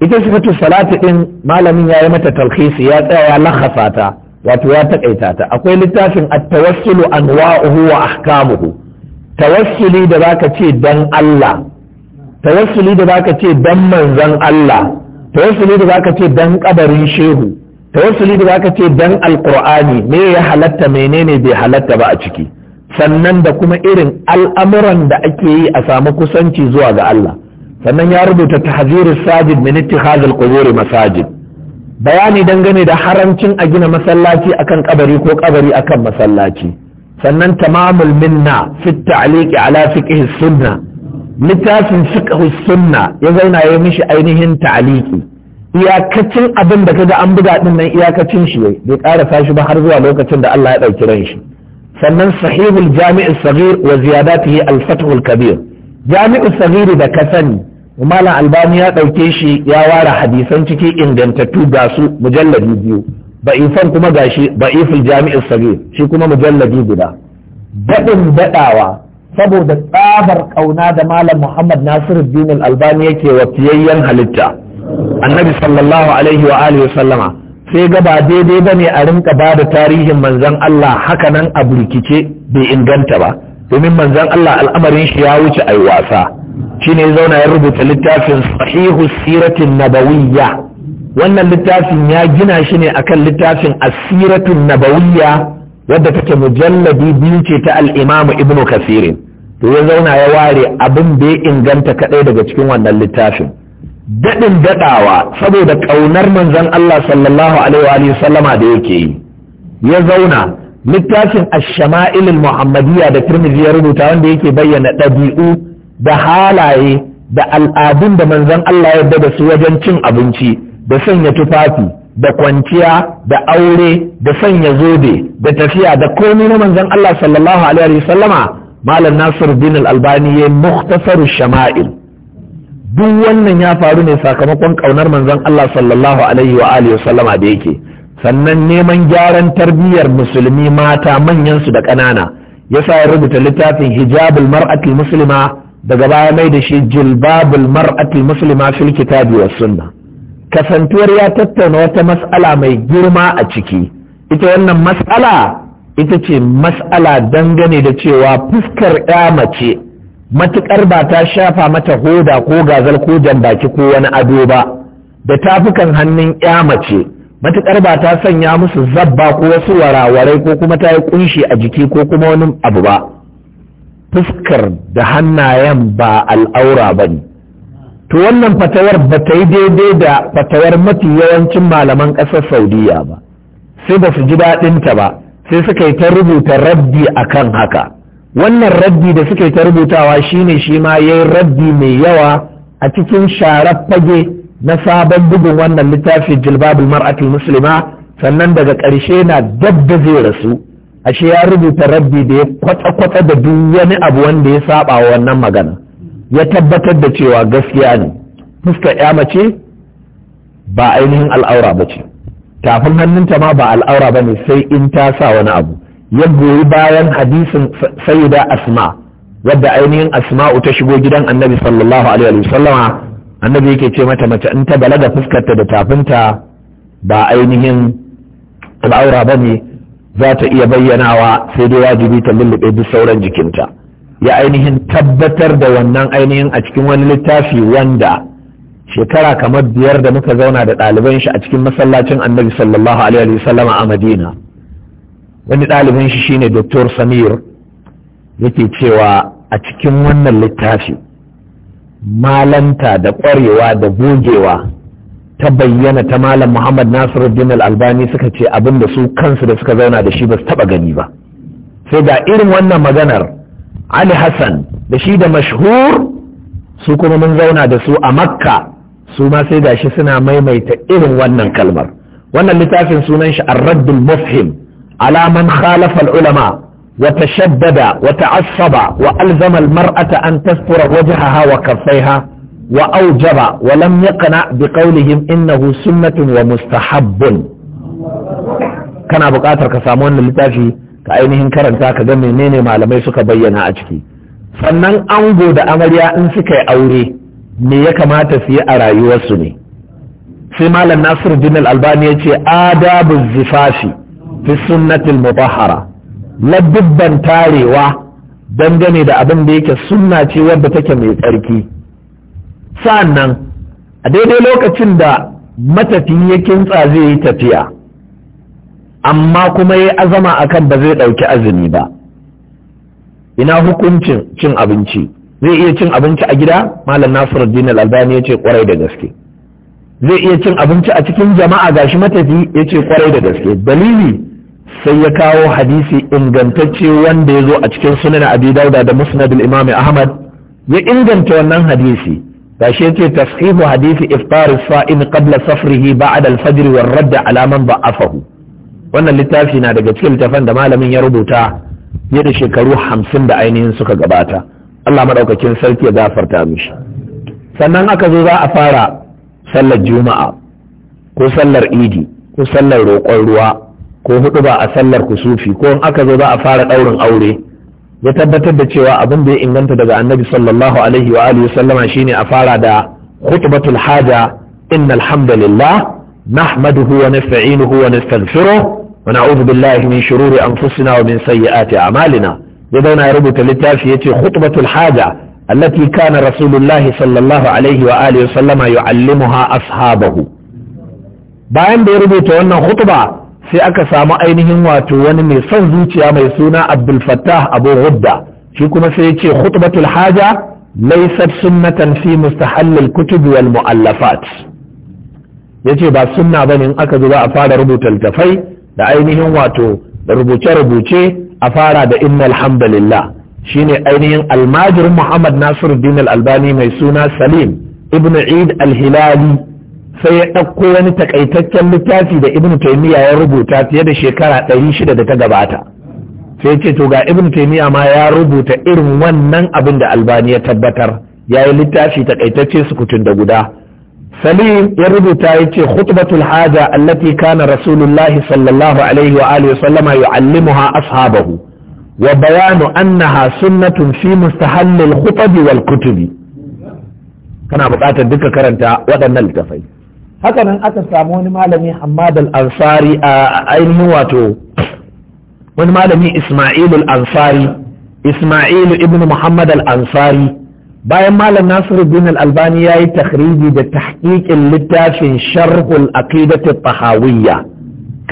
ita sifatu salati din malamin ya yi mata talhisi ya tsaya ya lahasa ta wato ya takaita ta akwai littafin at-tawassulu anwa'uhu wa ahkamuhu tawassuli da zaka ce dan Allah tawassuli da zaka ce dan manzon Allah tawassuli da zaka ce dan kabarin shehu tawassuli da zaka ce dan alqur'ani me ya halatta menene bai halatta ba a ciki sannan da kuma irin al'amuran da ake yi a samu kusanci zuwa ga Allah sannan ya rubuta tahzirus sajid min ittikhadil quburi masajid bayani dangane da haramcin a gina masallaci akan kabari ko kabari akan masallaci sannan tamamul minna fi ta'liqi ala fiqh sunna littafin fiqh sunna ya zaina ya mishi ainihin ta'liqi iyakacin abin da kaga an buga din nan iyakacin shi bai karasa shi ba har zuwa lokacin da Allah ya dauki ran shi sannan sahihul jami'ul saghir wa ziyadatihi al-fathul kabir jami'u saghir da ka sani malam albani ya ɗauke shi ya ware hadisan ciki ingantattu ga su mujalladi biyu ba'ifan kuma gashi ba'iful jami'ul saghir shi kuma mujalladi guda Baɗin daɗawa saboda tsabar ƙauna da malam muhammad nasiru bin albani yake wa fiyayyen halitta annabi sallallahu alaihi wa alihi sallama sai ga ba daidai ba ne a rinka ba da tarihin manzan Allah hakanan a burkice bai inganta ba domin manzan Allah al'amarin shi ya wuce yi wasa shi ne zauna ya rubuta littafin sahihu siratin nabawiyya wannan littafin ya gina shi ne akan littafin asiratun nabawiyya wadda take mujalladi biyu ce ta al'imamu ibnu kasirin to ya zauna ya ware abin bai inganta kaɗai daga cikin wannan littafin daɗin daɗawa saboda ƙaunar manzon Allah sallallahu alaihi wa sallama da yake yi ya zauna littafin ash muhammadiyya da Tirmidhi ya rubuta wanda yake bayyana ɗabi'u da halaye da al'adun da manzon Allah ya da su wajen cin abinci da sanya tufafi da kwanciya da aure da sanya zobe da tafiya da komi na manzon Allah sallallahu alaihi wa malam Nasir bin al-Albani ya mukhtasar shama'il duk wannan ya faru ne sakamakon kaunar manzon Allah sallallahu alaihi wa alihi sallama da yake sannan neman gyaran tarbiyyar musulmi mata manyan su da ƙanana yasa ya rubuta littafin hijabul mar'atul muslima daga baya mai da shi jilbabul mar'atul muslima fil kitabi was sunna kasantuwar ya tattauna wata mas'ala mai girma a ciki ita wannan mas'ala ita ce mas'ala dangane da cewa fuskar ya mace matuƙar ba ta shafa mata hoda ko gazal ko jambaki ko wani ado ba da tafukan hannun ya mace matuƙar ba ta sanya musu zabba ko wasu warawarai ko kuma ta yi kunshi a jiki ko kuma wani abu ba fuskar da hannayen ba al'aura ba ne to wannan fatawar ba ta yi daidai da fatawar mafi yawancin malaman ƙasar saudiya ba sai ba su ji daɗinta ba sai suka yi ta rubuta rabbi akan haka wannan rabbi da suke ta rubutawa shine shi ma ya yi rabbi mai yawa a cikin sharar fage na sabon bugun wannan littafin jilbabul mar'atul musulma, sannan daga ƙarshe na dabda zai rasu ashe ya rubuta rabbi da ya kwata-kwata da duk wani abu wanda ya saba wa wannan magana ya tabbatar da cewa gaskiya ne fuskar ya mace ba ainihin al'aura ba ce tafin hannunta ma ba al'aura ba ne sai in ta sa wani abu ya goyi bayan hadisin sayyida asma wadda ainihin asma'u ta shigo gidan annabi sallallahu alaihi wasallama annabi yake ce mata mace in ta balaga fuskarta da tafinta ba ainihin al'aura ba ne za ta iya bayyanawa sai dai wajibi ta lullube duk sauran jikinta ya ainihin tabbatar da wannan ainihin a cikin wani littafi wanda shekara kamar biyar da muka zauna da ɗaliban shi a cikin masallacin annabi sallallahu alaihi wasallama a madina wani ɗalibin shi shine Dr. Samir yake cewa a cikin wannan littafi malanta da ƙwarewa da gogewa ta bayyana ta malam Muhammad Nasiruddin Al-Albani suka ce abin da su kansu da suka zauna da shi ba su taba gani ba sai ga irin wannan maganar Ali Hassan da shi da mashhur su kuma mun zauna da su a Makka su ma sai shi suna maimaita irin wannan kalmar wannan littafin sunan shi arraddul Mufhim ala man khalafa al-ulama وتشدد وتعصب وألزم المرأة أن تستر وجهها وكفيها وأوجب ولم يقنع بقولهم إنه سنة ومستحب كان أبو قاتر كسامون للتاجي كأينهم كرنتا كدمي نيني معلمي سكا بينا أجكي sannan ango da amarya in suka yi aure me ya kamata su yi a rayuwarsu ne sai malam nasir din albani ya ce adabu zifafi fi sunnatil na dubban tarewa dangane da abin da yake sunna ce wadda take mai tsarki sa'annan a daidai lokacin da matafiyi ya kintsa zai yi tafiya amma kuma ya azama akan ba zai ɗauki azumi ba ina hukuncin cin abinci zai iya cin abinci a gida malam Nasiru, din albani ya ce kwarai da gaske zai iya cin abinci a cikin jama'a gashi matafi ya ce kwarai da gaske dalili sai ya kawo hadisi ingantacce wanda ya zo a cikin sunan abi dauda da musnad imam ahmad ya inganta wannan hadisi gashi yace tashihu hadisi iftar sa'im qabla safrihi ba'da al-fajr wa radd ala man da'afahu wannan littafi na daga cikin littafan da malamin ya rubuta fiye da shekaru hamsin da ainihin suka gabata Allah madaukakin sarki ya gafarta mishi sannan aka zo za a fara sallar juma'a ko sallar idi ko sallar roƙon ruwa ko hudu ba a sallar kusufi ko in aka zo za a fara daurin aure ya tabbatar da cewa abin da ya inganta daga annabi sallallahu alaihi wa alihi sallama shine a fara da khutbatul haja innal hamdalillah nahmaduhu wa nasta'inuhu wa nastaghfiruh wa na'udhu billahi min shururi anfusina wa min sayyiati a'malina ya dauna ya rubuta littafi yace khutbatul haja allati kana rasulullahi sallallahu alaihi wa alihi sallama yu'allimuha ashabahu bayan da rubuta wannan khutba sai aka samu ainihin wato wani mai son zuciya mai suna abdulfattah fattah abu shi kuma sai ya ce khutbatul haja laysat sunnatan fi mustahallil kutub wal muallafat yace ba sunna bane in aka zo a fara rubuta littafai da ainihin wato da rubuce-rubuce a fara da inna alhamdulillah shine ainihin almajirin muhammad nasiruddin albani mai suna salim ibn eid al-hilali sai ya ɗauko wani takaitaccen littafi da ibn taymiya ya rubuta fiye da shekara ɗari shida da ta gabata sai ce to ga ibn taymiya ma ya rubuta irin wannan abin da albani ya tabbatar ya yi littafi takaitacce sukutun da guda salim ya rubuta ya ce khutbatul haja allati kana rasulullahi sallallahu alaihi wa alihi wasallama yu'allimuha ashabahu wa bayanu annaha sunnatun fi mustahallil khutabi wal kutubi kana buƙatar duka karanta waɗannan littafai haka nan aka samu wani malami Hamad al-Ansari a ainihin wato wani malami Isma'il al-Ansari Isma'il ibn Muhammad al-Ansari bayan malam bin al-Albani yayi takhriji da tahqiqin littafin Sharhul Aqidat al-Tahawiyya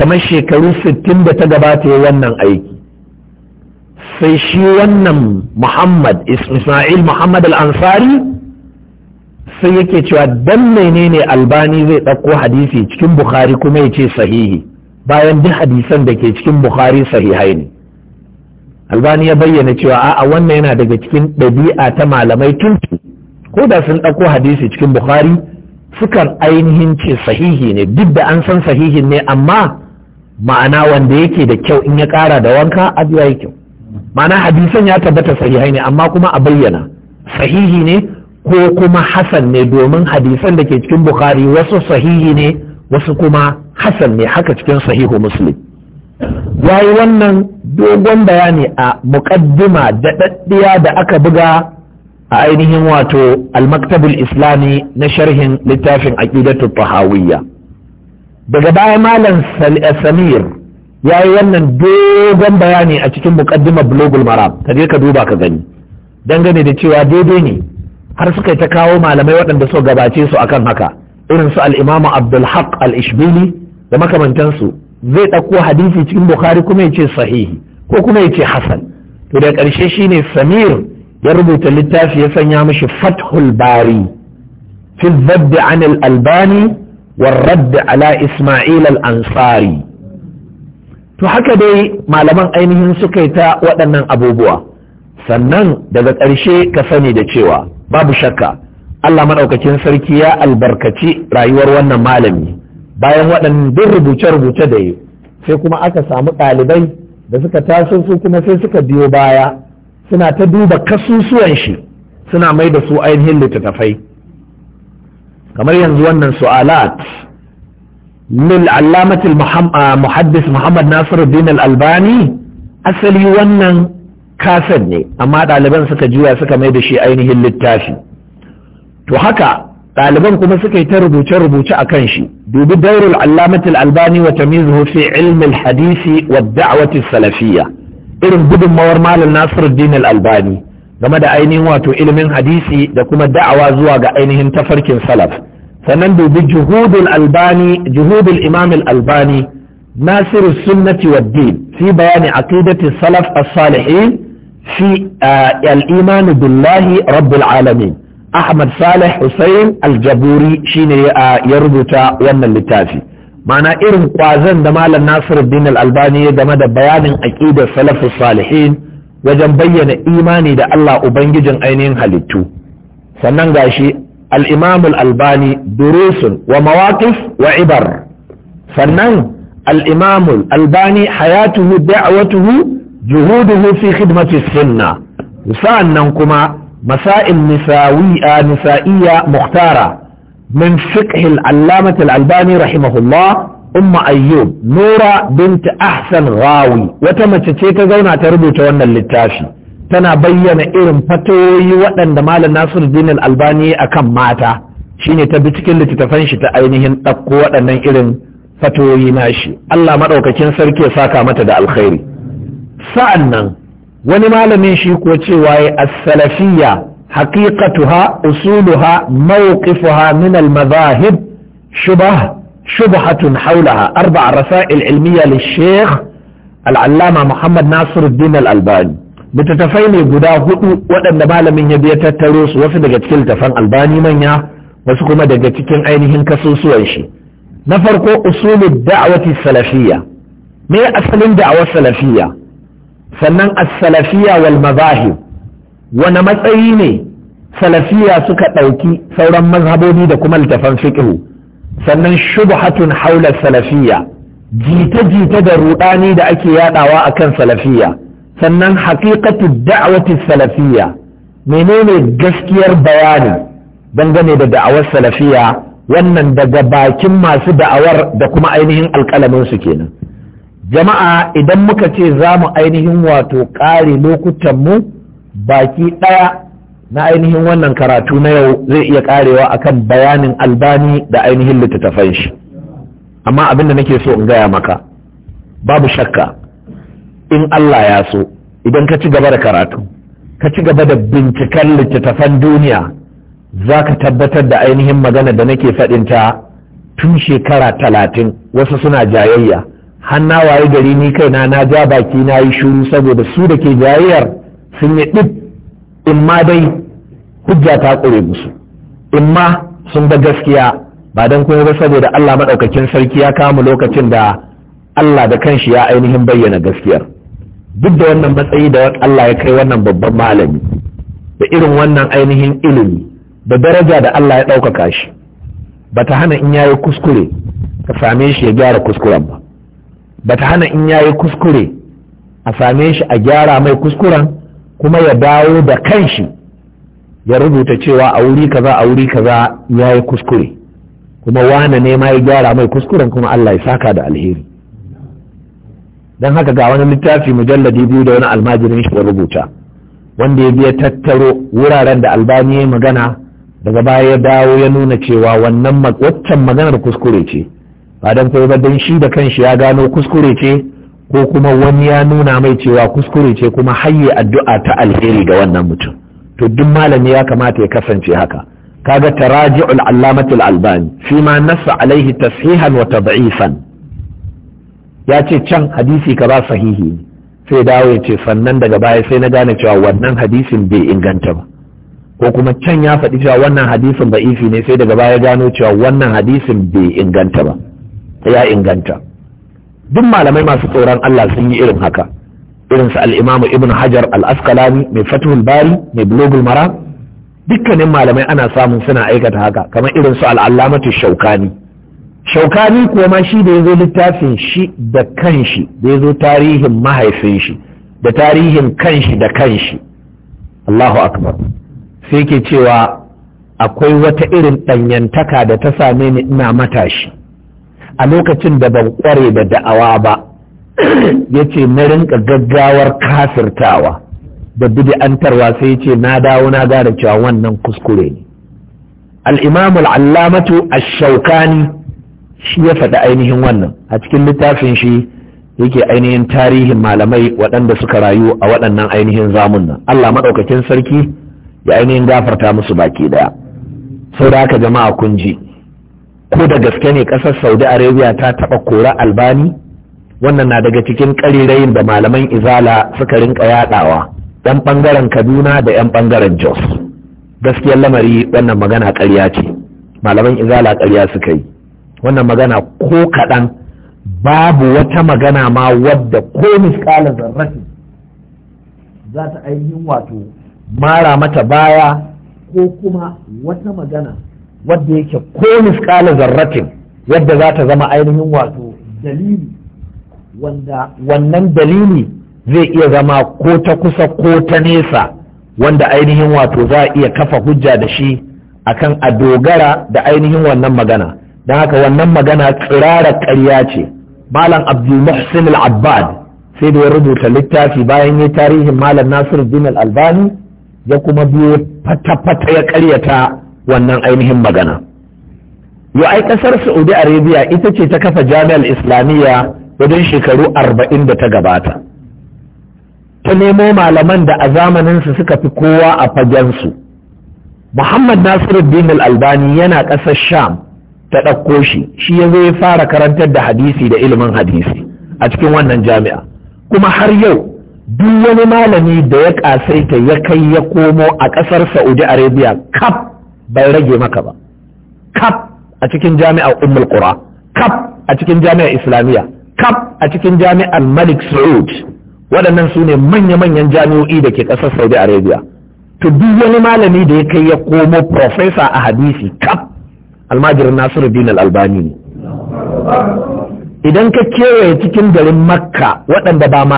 kamar shekaru 60 da ta gabata wannan aiki sai shi wannan Muhammad Isma'il Muhammad al-Ansari sai yake cewa dan menene albani zai ɗauko hadisi cikin bukhari kuma ya ce sahihi bayan duk hadisan da ke cikin bukhari sahihai ne albani ya bayyana cewa a'a wannan yana daga cikin ɗabi'a ta malamai tun ko da sun ɗauko hadisi cikin bukhari sukan ainihin ce sahihi ne duk da an san sahihin ne amma ma'ana wanda yake da kyau in ya kara da wanka abu ya kyau ma'ana hadisan ya tabbata sahihai ne amma kuma a bayyana sahihi ne ko kuma hasan ne domin hadisan da ke cikin bukhari wasu sahihi ne wasu kuma hasan ne haka cikin sahihu muslim ya wannan dogon bayani a muƙaddima daɗaɗɗiya da aka buga a ainihin wato almaktabul islami na sharhin littafin aqidatu tahawiyya daga baya malam eh, samir ya yi wannan dogon bayani a cikin muƙaddimar blogul maram ka je ka duba ka gani dangane da cewa daidai ne har suka ta kawo malamai waɗanda suka gabace su akan haka irin su al-imamu abdul al-ishbili da makamantansu zai ɗauko hadisi cikin bukhari kuma ya ce sahihi ko kuma ya ce hasan to da ƙarshe shine samir ya rubuta littafi ya sanya mishi fathul bari fil zabbi an al-albani war ala isma'il al-ansari to haka dai malaman ainihin suka yi ta waɗannan abubuwa sannan daga ƙarshe ka sani da cewa babu shakka Allah maɗaukakin sarki ya albarkaci rayuwar wannan malami bayan waɗannan duk rubuce-rubuce da yi sai kuma aka samu ɗalibai da suka taso su kuma sai suka biyo baya suna ta duba kasusuwan shi suna mai da su ainihin littattafai kamar yanzu wannan su'alat lil allamatul ah, muhaddis muhammad nasiruddin al-albani asali wannan kasan ne amma ɗaliban suka juya suka mai da shi ainihin littafi to haka ɗaliban kuma suka yi ta rubuce-rubuce a kan shi dubi daurul allamatul albani wa tamizuhu fi ilmin hadisi wa da'awati salafiyya irin gudunmawar malam nasiruddin albani game da ainihin wato ilimin hadisi da kuma da'awa zuwa ga ainihin tafarkin salaf sannan dubi juhudul albani juhudul imam albani nasiru sunnati wa din fi bayani aqidati salaf as-salihin في الإيمان بالله رب العالمين أحمد صالح aljaburi shine شيني rubuta wannan littafi. ma'ana irin kwazon da malam Nasiru din albani ya game da bayanin aƙidar salafus salihin wajen bayyana imani da Allah ubangijin ainihin halittu sannan gashi al-imam albani durusun wa mawaqif wa ibar sannan al-imam albani hayatuhu da'watuhu juhuduhu fi khidmati sunna sa'an nan kuma masail Nisa'iyya nisa'iyya muhtara min fiqh al-allamah al-albani rahimahullah umma ayyub nura bint ahsan rawi wata mace ce ta zauna ta rubuta wannan littafi tana bayyana irin fatoyi waɗanda malam nasiruddin al-albani akan mata shine ta bi cikin littattafan shi ta ainihin ɗauko waɗannan irin fatoyi nashi Allah maɗaukacin sarki ya saka mata da alkhairi sa'an nan wani malamin shi ko cewa ya as-salafiyya usuluha mawqifuha min al-madahib shubah shubhatun hawlaha arba'a rasail ilmiya lish-shaykh al-allama Muhammad Nasiruddin al-Albani littattafai ne guda hudu waɗanda malamin ya biya tattaro su wasu daga cikin littafan albani manya wasu kuma daga cikin ainihin kasusuwan shi na farko usulul da'awati salafiyya me asalin da'awar salafiyya sannan as-salafiyya wal mazahib wani matsayi ne salafiya suka ɗauki sauran mazhabobi da kuma littafan fiqhu sannan shubhatun haula salafiyya jita-jita da rudani da ake yadawa akan salafiyya sannan haqiqatu da'wati salafiyya menene gaskiyar bayani dangane da da'awar salafiyya wannan daga bakin masu da'awar da kuma ainihin alƙalamin su kenan jama'a idan muka ce za mu ainihin wato ƙare lokutanmu baki ɗaya na ainihin wannan karatu na yau zai iya ƙarewa akan bayanin albani da ainihin littattafan shi amma abin da nake so in gaya maka babu shakka in Allah ya so idan ka ci gaba da karatu ka ci gaba da binciken littattafan duniya za ka tabbatar da ainihin magana da nake faɗinta tun shekara talatin wasu suna jayayya hanna waye gari ni kaina na ja baki na yi shuru saboda su da ke jayayyar sun yi ɗin in ma dai hujja ta ƙure musu in ma sun ga gaskiya ba don kuma ba saboda Allah maɗaukakin sarki ya kama lokacin da Allah da kanshi ya ainihin bayyana gaskiyar duk da wannan matsayi da Allah ya kai wannan babban malami da irin wannan ainihin ilimi da daraja da Allah ya ɗaukaka shi ba ta hana in yayi kuskure ka same shi ya gyara kuskuren ba bata hana in yayi kuskure a same shi a gyara mai kuskuren kuma ya dawo da kanshi ya rubuta cewa a wuri kaza a wuri kaza yayi kuskure kuma wane ne ma ya gyara mai kuskuren kuma Allah ya saka da alheri dan haka ga wani littafi mujalladi biyu da wani almajirin shi ya rubuta wanda ya biya tattaro wuraren da albani ya magana daga baya ya dawo ya nuna cewa wannan waccan maganar kuskure ce ba don kai ba don shi da kanshi ya gano kuskure ce ko kuma wani ya nuna mai cewa kuskure ce kuma hayye addu'a ta alheri ga wannan mutum to duk malami ya kamata ya kasance haka kaga taraji'ul allamatul albani fi ma nassa alaihi tashihan wa tad'ifan ya ce can hadisi ka ba sahihi sai dawo ya ce sannan daga baya sai na gane cewa wannan hadisin bai inganta ba ko kuma can ya faɗi cewa wannan hadisin ba'ifi ne sai daga baya gano cewa wannan hadisin bai inganta ba ya inganta duk malamai masu tsoron Allah sun yi irin haka irin su al-Imam Ibn Hajar al-Asqalani mai Fathul Bari mai Bulughul Maram dukkanin malamai ana samun suna aikata haka kamar irin su al-Allamatu Shaukani Shaukani kuwa ma shi da yazo littafin shi da kanshi da yazo tarihin mahaifin shi da tarihin kanshi da kanshi Allahu akbar sai ke cewa akwai wata irin ɗanyantaka da ta same ni ina matashi a lokacin da ban kware da da'awa ba ya ce na rinka gaggawar kafirtawa da bid'antarwa sai ya ce na dawo na gane cewa wannan kuskure ne al'imamul allamatu ash-shaukani shi ya faɗi ainihin wannan a cikin littafin shi yake ainihin tarihin malamai waɗanda suka rayu a waɗannan ainihin zamun nan Allah maɗaukakin sarki ya ainihin gafarta musu baki ɗaya sau da haka jama'a kun ji ko da gaske ne ƙasar saudi arabia ta taɓa kora albani wannan na daga cikin ƙarirayin da malaman izala suka rinka yaɗawa yan ɓangaren kaduna da yan ɓangaren jos gaskiyar lamari wannan magana ƙarya ce malaman izala ƙarya suka yi wannan magana ko kaɗan babu wata magana ma wadda ko miskalin zarrafi za ta ainihin wato mara mata baya ko kuma wata magana wadda yake ko misƙala zarratin yadda za ta zama ainihin wato dalili wanda wannan dalili zai iya zama ko ta kusa ko ta nesa wanda ainihin wato za a iya kafa hujja da shi akan a dogara da ainihin wannan magana don haka wannan magana tsirarar karya ce malam abdul muhsin al-abbad sai da ya rubuta littafi bayan ya tarihin malam nasiru din al-albani ya kuma biyo fata-fata ya karyata. wannan ainihin magana yo ai kasar saudi arabia ita ce ta kafa jami'ar islamiyya wajen shekaru arba'in da ta gabata ta nemo malaman da a zamaninsu suka fi kowa a fagensu muhammad nasiruddin al-albani yana ƙasar sham ta ɗauko shi shi ya zo fara karantar da hadisi da ilimin hadisi a cikin wannan jami'a kuma har yau duk wani malami da ya ƙasaita ya kai ya komo a ƙasar saudi arabia kaf bai rage maka ba kaf a cikin jami'ar ummul qura kaf a cikin jami'ar islamiyya kaf a cikin jami'ar malik saud waɗannan su ne manya-manyan jami'o'i da ke ƙasar saudi arabia to duk wani malami da ya kai ya komo profesa a hadisi kaf almajirin nasiru din albani ne idan ka kewaye cikin garin makka waɗanda ba ma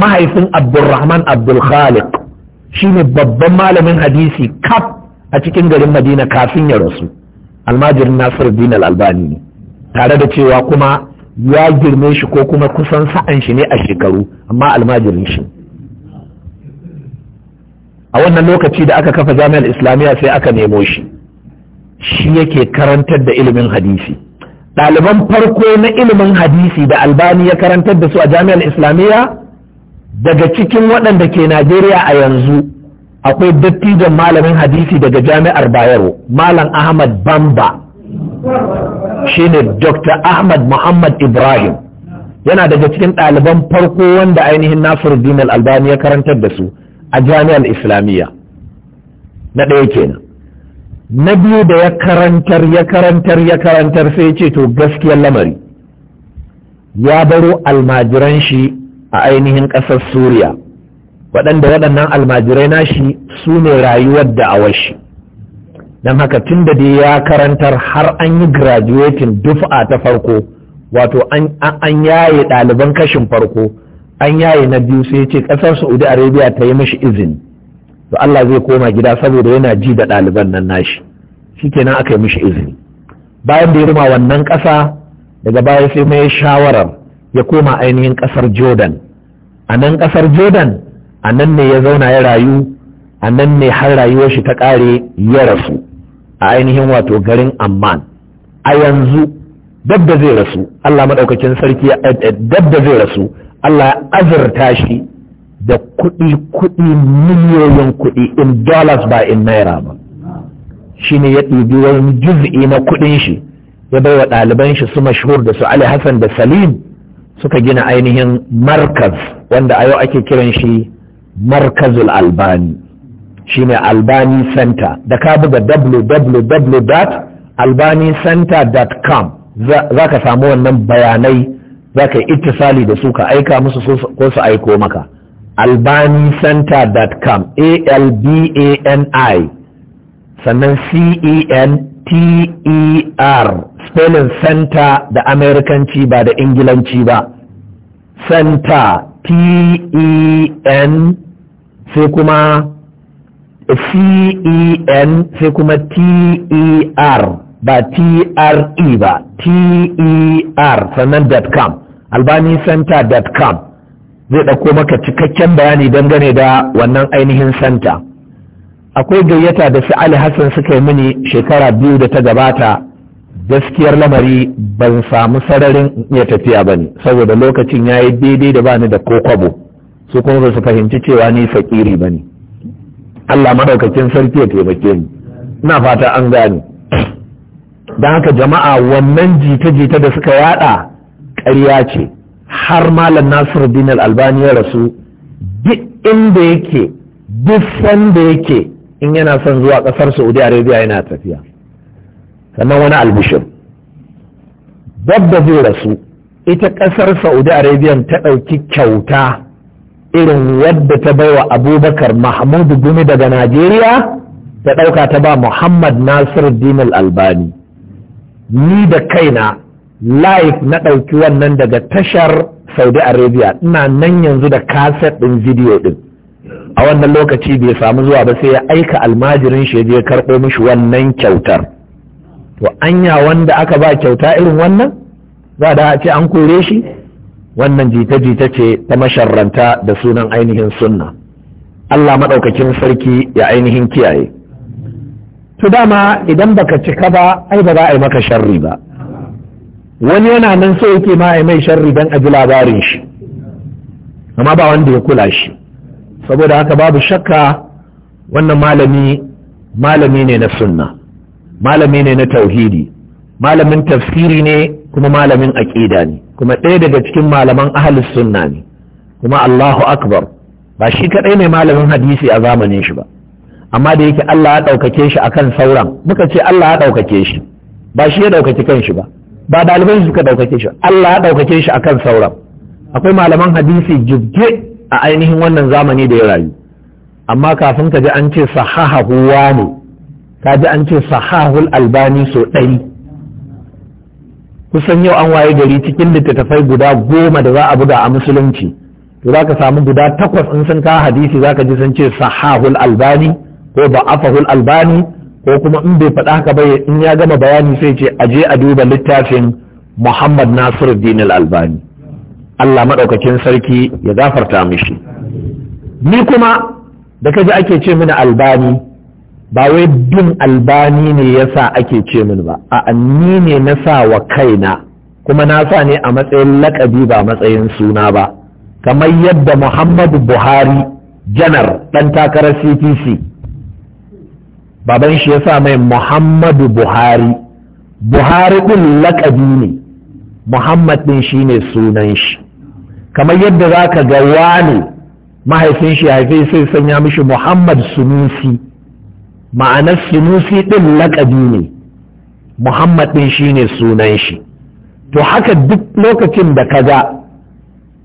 mahaifin abdulrahman abdulkhaliq shine babban malamin hadisi kaf a cikin garin madina kafin ya rasu almajirin nasiruddin al-albani ne tare da cewa kuma ya girme shi ko kuma kusan sa'an shi ne a shekaru amma almajirin shi a wannan lokaci da aka kafa jami'ar islamiyya sai aka nemo shi shi yake karantar da ilimin hadisi ɗaliban farko na ilimin hadisi da albani ya karantar da su a jami'ar islamiyya daga cikin waɗanda ke najeriya a yanzu akwai dattijon malamin hadisi daga jami'ar bayero malam ahmad bamba shine dr ahmad muhammad ibrahim yana daga cikin ɗaliban farko wanda ainihin Nasiru dinar albani ya karantar da su a jami'ar islamiyya na ɗaya kenan na biyu da ya karantar ya karantar ya karantar sai ce to gaskiyar lamari ya baro almajiran shi a ainihin ƙasar suriya waɗanda waɗannan almajirai nashi su ne rayuwar da a shi don haka tun da dai ya karantar har an yi graduatin dufa ta farko wato an yaye ɗaliban kashin farko an yaye na biyu sai ce ƙasar saudi arabia ta yi mashi izini to allah zai koma gida saboda yana ji da ɗaliban nan nashi shi kenan aka yi mashi izini bayan da ya ruma wannan ƙasa daga baya sai mai shawarar ya koma ainihin ƙasar jordan a nan ƙasar jordan a nan ne ya zauna ya rayu a nan ne har rayuwar shi ta ƙare ya rasu a ainihin wato garin amman a yanzu dab da zai rasu allah maɗaukakin sarki eh, eh, dab da zai rasu allah ya azurta shi da kuɗi kuɗi miliyoyin kuɗi in dollars ba in naira ba shi ne ya ɗibi wani juz'i na kuɗin shi ya bai wa ɗaliban shi su mashhur da su ali hassan da salim suka gina ainihin markaz wanda a yau ake kiran shi markazul albani shi ne albani center da ka buga www.albanicenter.com za ka samu wannan bayanai za ka yi sali da su ka aika musu ko su aiko maka albanicenter.com a-l-b-a-n-i sannan c-e-n-t-e-r spelling center da amerikanci ba da ingilanci ba center T-E-N sai kuma C-E-N sai kuma T-E-R ba T-R-E ba T-E-R sannan .com albanicenter.com zai ɗauko maka cikakken bayani dangane da wannan ainihin center. akwai gayyata da su Ali Hassan suka yi mini shekara biyu da ta gabata gaskiyar lamari ban samu sararin ya tafiya ba ne saboda lokacin ya yi daidai da bani da ko kwabo su kuma ba su fahimci cewa ni fakiri ba ne allah maɗaukakin sarki ya taimake ni ina fata an gane don haka jama'a wannan jita-jita da suka yada ƙarya ce har malam nasiru bin albani ya rasu duk inda yake duk sanda yake in yana son zuwa ƙasar saudi arabia yana tafiya sannan wani albishir babba zai rasu ita ƙasar saudi arabiyan ta ɗauki kyauta irin wadda ta baiwa abubakar mahmudu gumi daga najeriya ta ɗauka ta ba muhammad nasir dinul albani ni da kaina live na ɗauki wannan daga tashar saudi arabia ina nan yanzu da kaset ɗin video ɗin a wannan lokaci bai samu zuwa ba sai ya aika almajirin shi ya je karɓo mishi wannan kyautar to anya wanda aka ba kyauta irin wannan za da a ce an kore shi wannan jita-jita ce ta masharranta da sunan ainihin sunna Allah maɗaukakin sarki ya ainihin kiyaye to dama idan baka cika ba ai ba za a yi maka sharri ba wani yana nan so yake ma mai sharri don a ji labarin shi amma ba wanda ya kula shi saboda haka babu shakka wannan malami malami ne na sunna malami ne na tauhidi malamin tafsiri ne kuma malamin aƙida ne kuma ɗaya daga cikin malaman ahalus sunna ne kuma Allahu akbar ba shi kaɗai ne malamin hadisi a zamanin shi ba amma da yake Allah ya ɗaukake shi akan sauran muka ce Allah ya ɗaukake shi ba shi ya ɗaukaki kanshi ba ba ɗaliban suka ɗaukake shi Allah ya ɗaukake shi akan sauran akwai malaman hadisi jibge a ainihin wannan zamani da ya rayu amma kafin ka ji an ce sahaha huwa ne Ka ji an ce sahahul albani so ɗari kusan yau an waye gari cikin littattafai guda goma da za a buga a musulunci to za ka samu guda takwas in sun kawo hadisi za ka ji sun ce sahahul albani ko afahul albani ko kuma in bai faɗa haka ba in ya gama bayani sai ce aje a duba littafin muhammad Nasiru nasiruddin albani allah maɗaukakin sarki ya gafarta mishi ni kuma da ka ji ake ce mini albani ba wai bin albani ne yasa ake ce min ba a ni ne na sa wa kaina kuma na sa ne a matsayin lakabi ba matsayin suna ba kamar yadda muhammadu buhari janar ɗan takarar cpc baban shi yasa mai muhammadu buhari buhari ɗin lakabi ne muhammad ɗin shi ne sunan shi kamar yadda za ka ga wani mahaifin shi haife sai sanya mishi muhammad sunusi ma'anar sinusi ɗin laƙabi ne muhammad ɗin shi ne sunan shi to haka duk lokacin da ka ga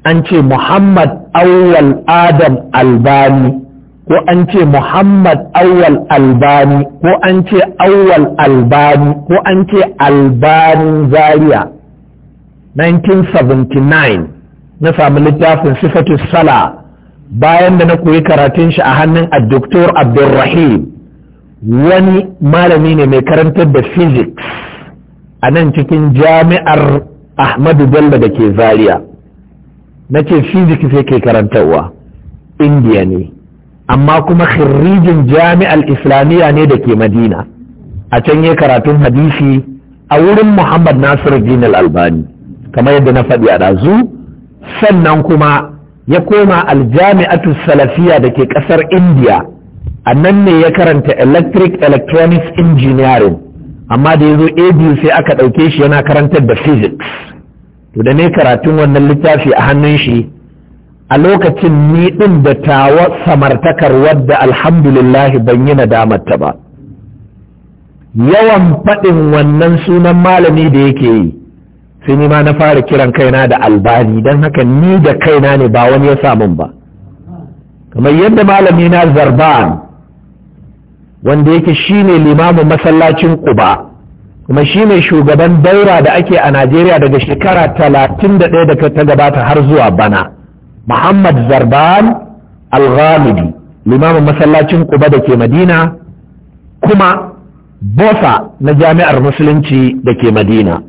an ce muhammad awwal adam albani ko an ce muhammad awwal albani ko an ce awwal albani ko an ce albanin zaria 1979 na samu littafin sifatu sala bayan da na koyi karatun shi a hannun a doktor abdulrahim wani malami ne mai karantar da physics a nan cikin jami'ar ahmadu bello da ke zaria na ce physics yake karantarwa indiya ne amma kuma khirrijin jami'ar islamiyya ne da ke madina a can yi karatun hadisi a wurin muhammad Nasir Jinal albani kamar yadda na faɗi a ɗazu sannan kuma ya koma aljami'atu salafiya da ke ƙasar indiya a nan ne ya karanta electric electronics engineering amma da ya zo abu sai aka ɗauke shi yana karantar da physics to da ne karatun wannan littafi a hannun shi a lokacin ni ɗin da tawa samartakar wadda alhamdulillah ban yi nadamarta ba yawan faɗin wannan sunan malami da yake yi sun yi ma na fara kiran kaina da albani don haka ni da kaina ne ba wani ya samun ba kamar yadda malami na zarban wanda yake shine limamin masallacin Quba kuma shine shugaban daura da ake a Najeriya daga shekara talatin da ɗaya da ta gabata har zuwa bana Muhammad Zarban Al-Ghamidi limamin masallacin Quba da ke Madina kuma bosa na jami'ar musulunci da ke Madina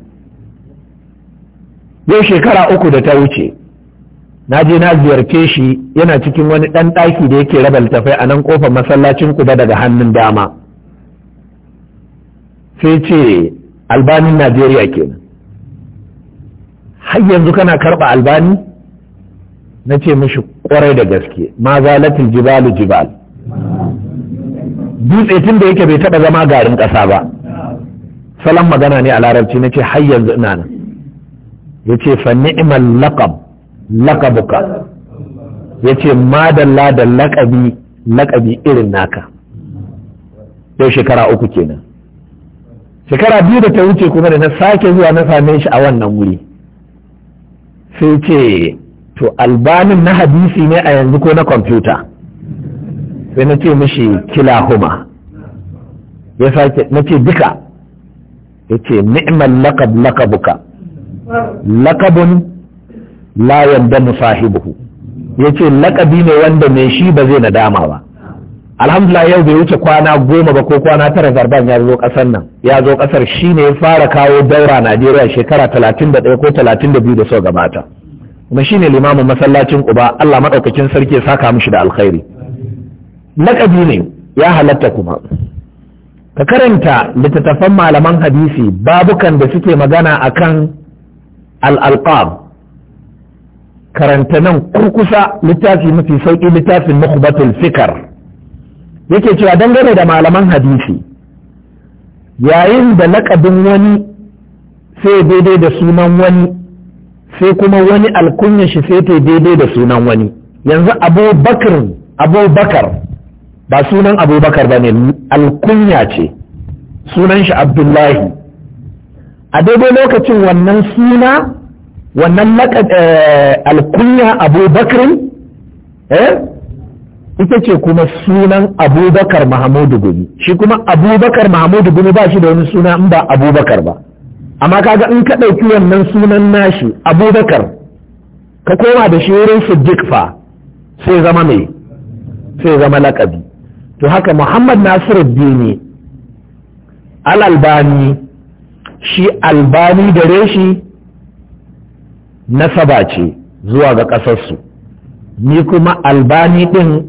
yau shekara uku da ta wuce na je na ziyarce shi yana cikin wani ɗan ɗaki da yake raba littafai a nan ƙofar masallacin kuba daga hannun dama sai ce albanin najeriya kenan har yanzu kana karɓa albani na ce mishi ƙwarai da gaske ma zalatin jibalu jibal dutse tun da yake bai taɓa zama garin ƙasa ba salon magana ne a larabci na ce har yanzu ina nan ya ce fa ni'imal laqab ya ce madalla da lakabi irin naka yau shekara uku kenan shekara biyu da ta wuce kuma da na sake zuwa na same shi a wannan wuri sai ce to albanin na hadisi ne a yanzu ko na kwamfuta sai na ce mishi kila huma ya sake na ce duka ya ce ni'mal laqab laqabuka laqabun la yadda musahibuhu ya ce laƙabi ne wanda mai shi ba zai nadama ba alhamdulillah yau bai wuce kwana goma ba ko kwana tara zarban ya zo ƙasar nan ya zo ƙasar shi ne ya fara kawo daura najeriya shekara talatin da ɗaya ko talatin da biyu da so gabata kuma shi ne limamin masallacin uba allah maɗaukakin sarki ya saka mishi da alkhairi laƙabi ne ya halatta kuma ka karanta littattafan malaman hadisi babukan da suke magana akan al-alqab karanta nan kurkusa littafi mafi sauki littafin nukhbatul fikar yake cewa dangane da malaman hadisi yayin da lakabin wani sai daidai da sunan wani sai kuma wani alkunya shi sai ta daidai da sunan wani yanzu abubakar abubakar ba sunan abubakar ba ne alkunya ce sunan shi abdullahi a daidai lokacin wannan suna wannan eh, alkunya Abu eh ita ce kuma sunan abubakar mahamudu gumi shi kuma abubakar mahamudu gumi ba shi da wani suna in ba abubakar ba amma kaga in ka ɗauki wannan sunan nashi abubakar ka koma da shi wurin siddiq fa sai zama mai sai zama laƙabi to haka muhammad nasiru al albani shi albani da reshi nasaba ce zuwa ga ƙasarsu ni kuma albani ɗin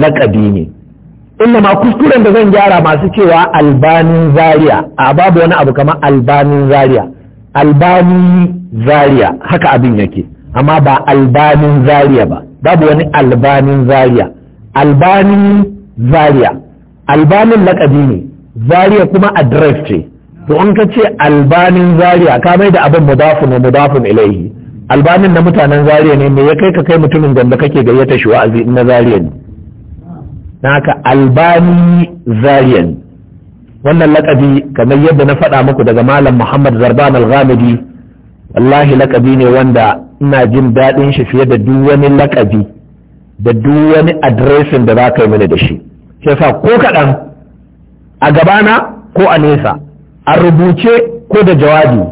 laƙabi ne inda ma kuskuren da zan gyara masu cewa albanin zaria a babu wani abu kamar albanin zaria albanin zaria haka abin yake amma ba albanin zaria ba babu wani albanin zaria albanin zaria albanin laƙabi ne zaria kuma adres ce to in ka ce albanin zaria ka mai da abin mudafin wa mudafin ilaihi albanin na mutanen zariya ne me ya kai ka kai mutumin gombe kake gayyata shi wa'azi na zariya ne na haka albani zariya wannan lakabi kamar yadda na faɗa muku daga malam muhammad zarban al-ghamidi wallahi lakabi ne wanda ina jin daɗin shi fiye da duk wani lakabi da duk wani adresin da za ka yi mini da shi shi ko kaɗan a gabana ko a nesa a rubuce ko da jawabi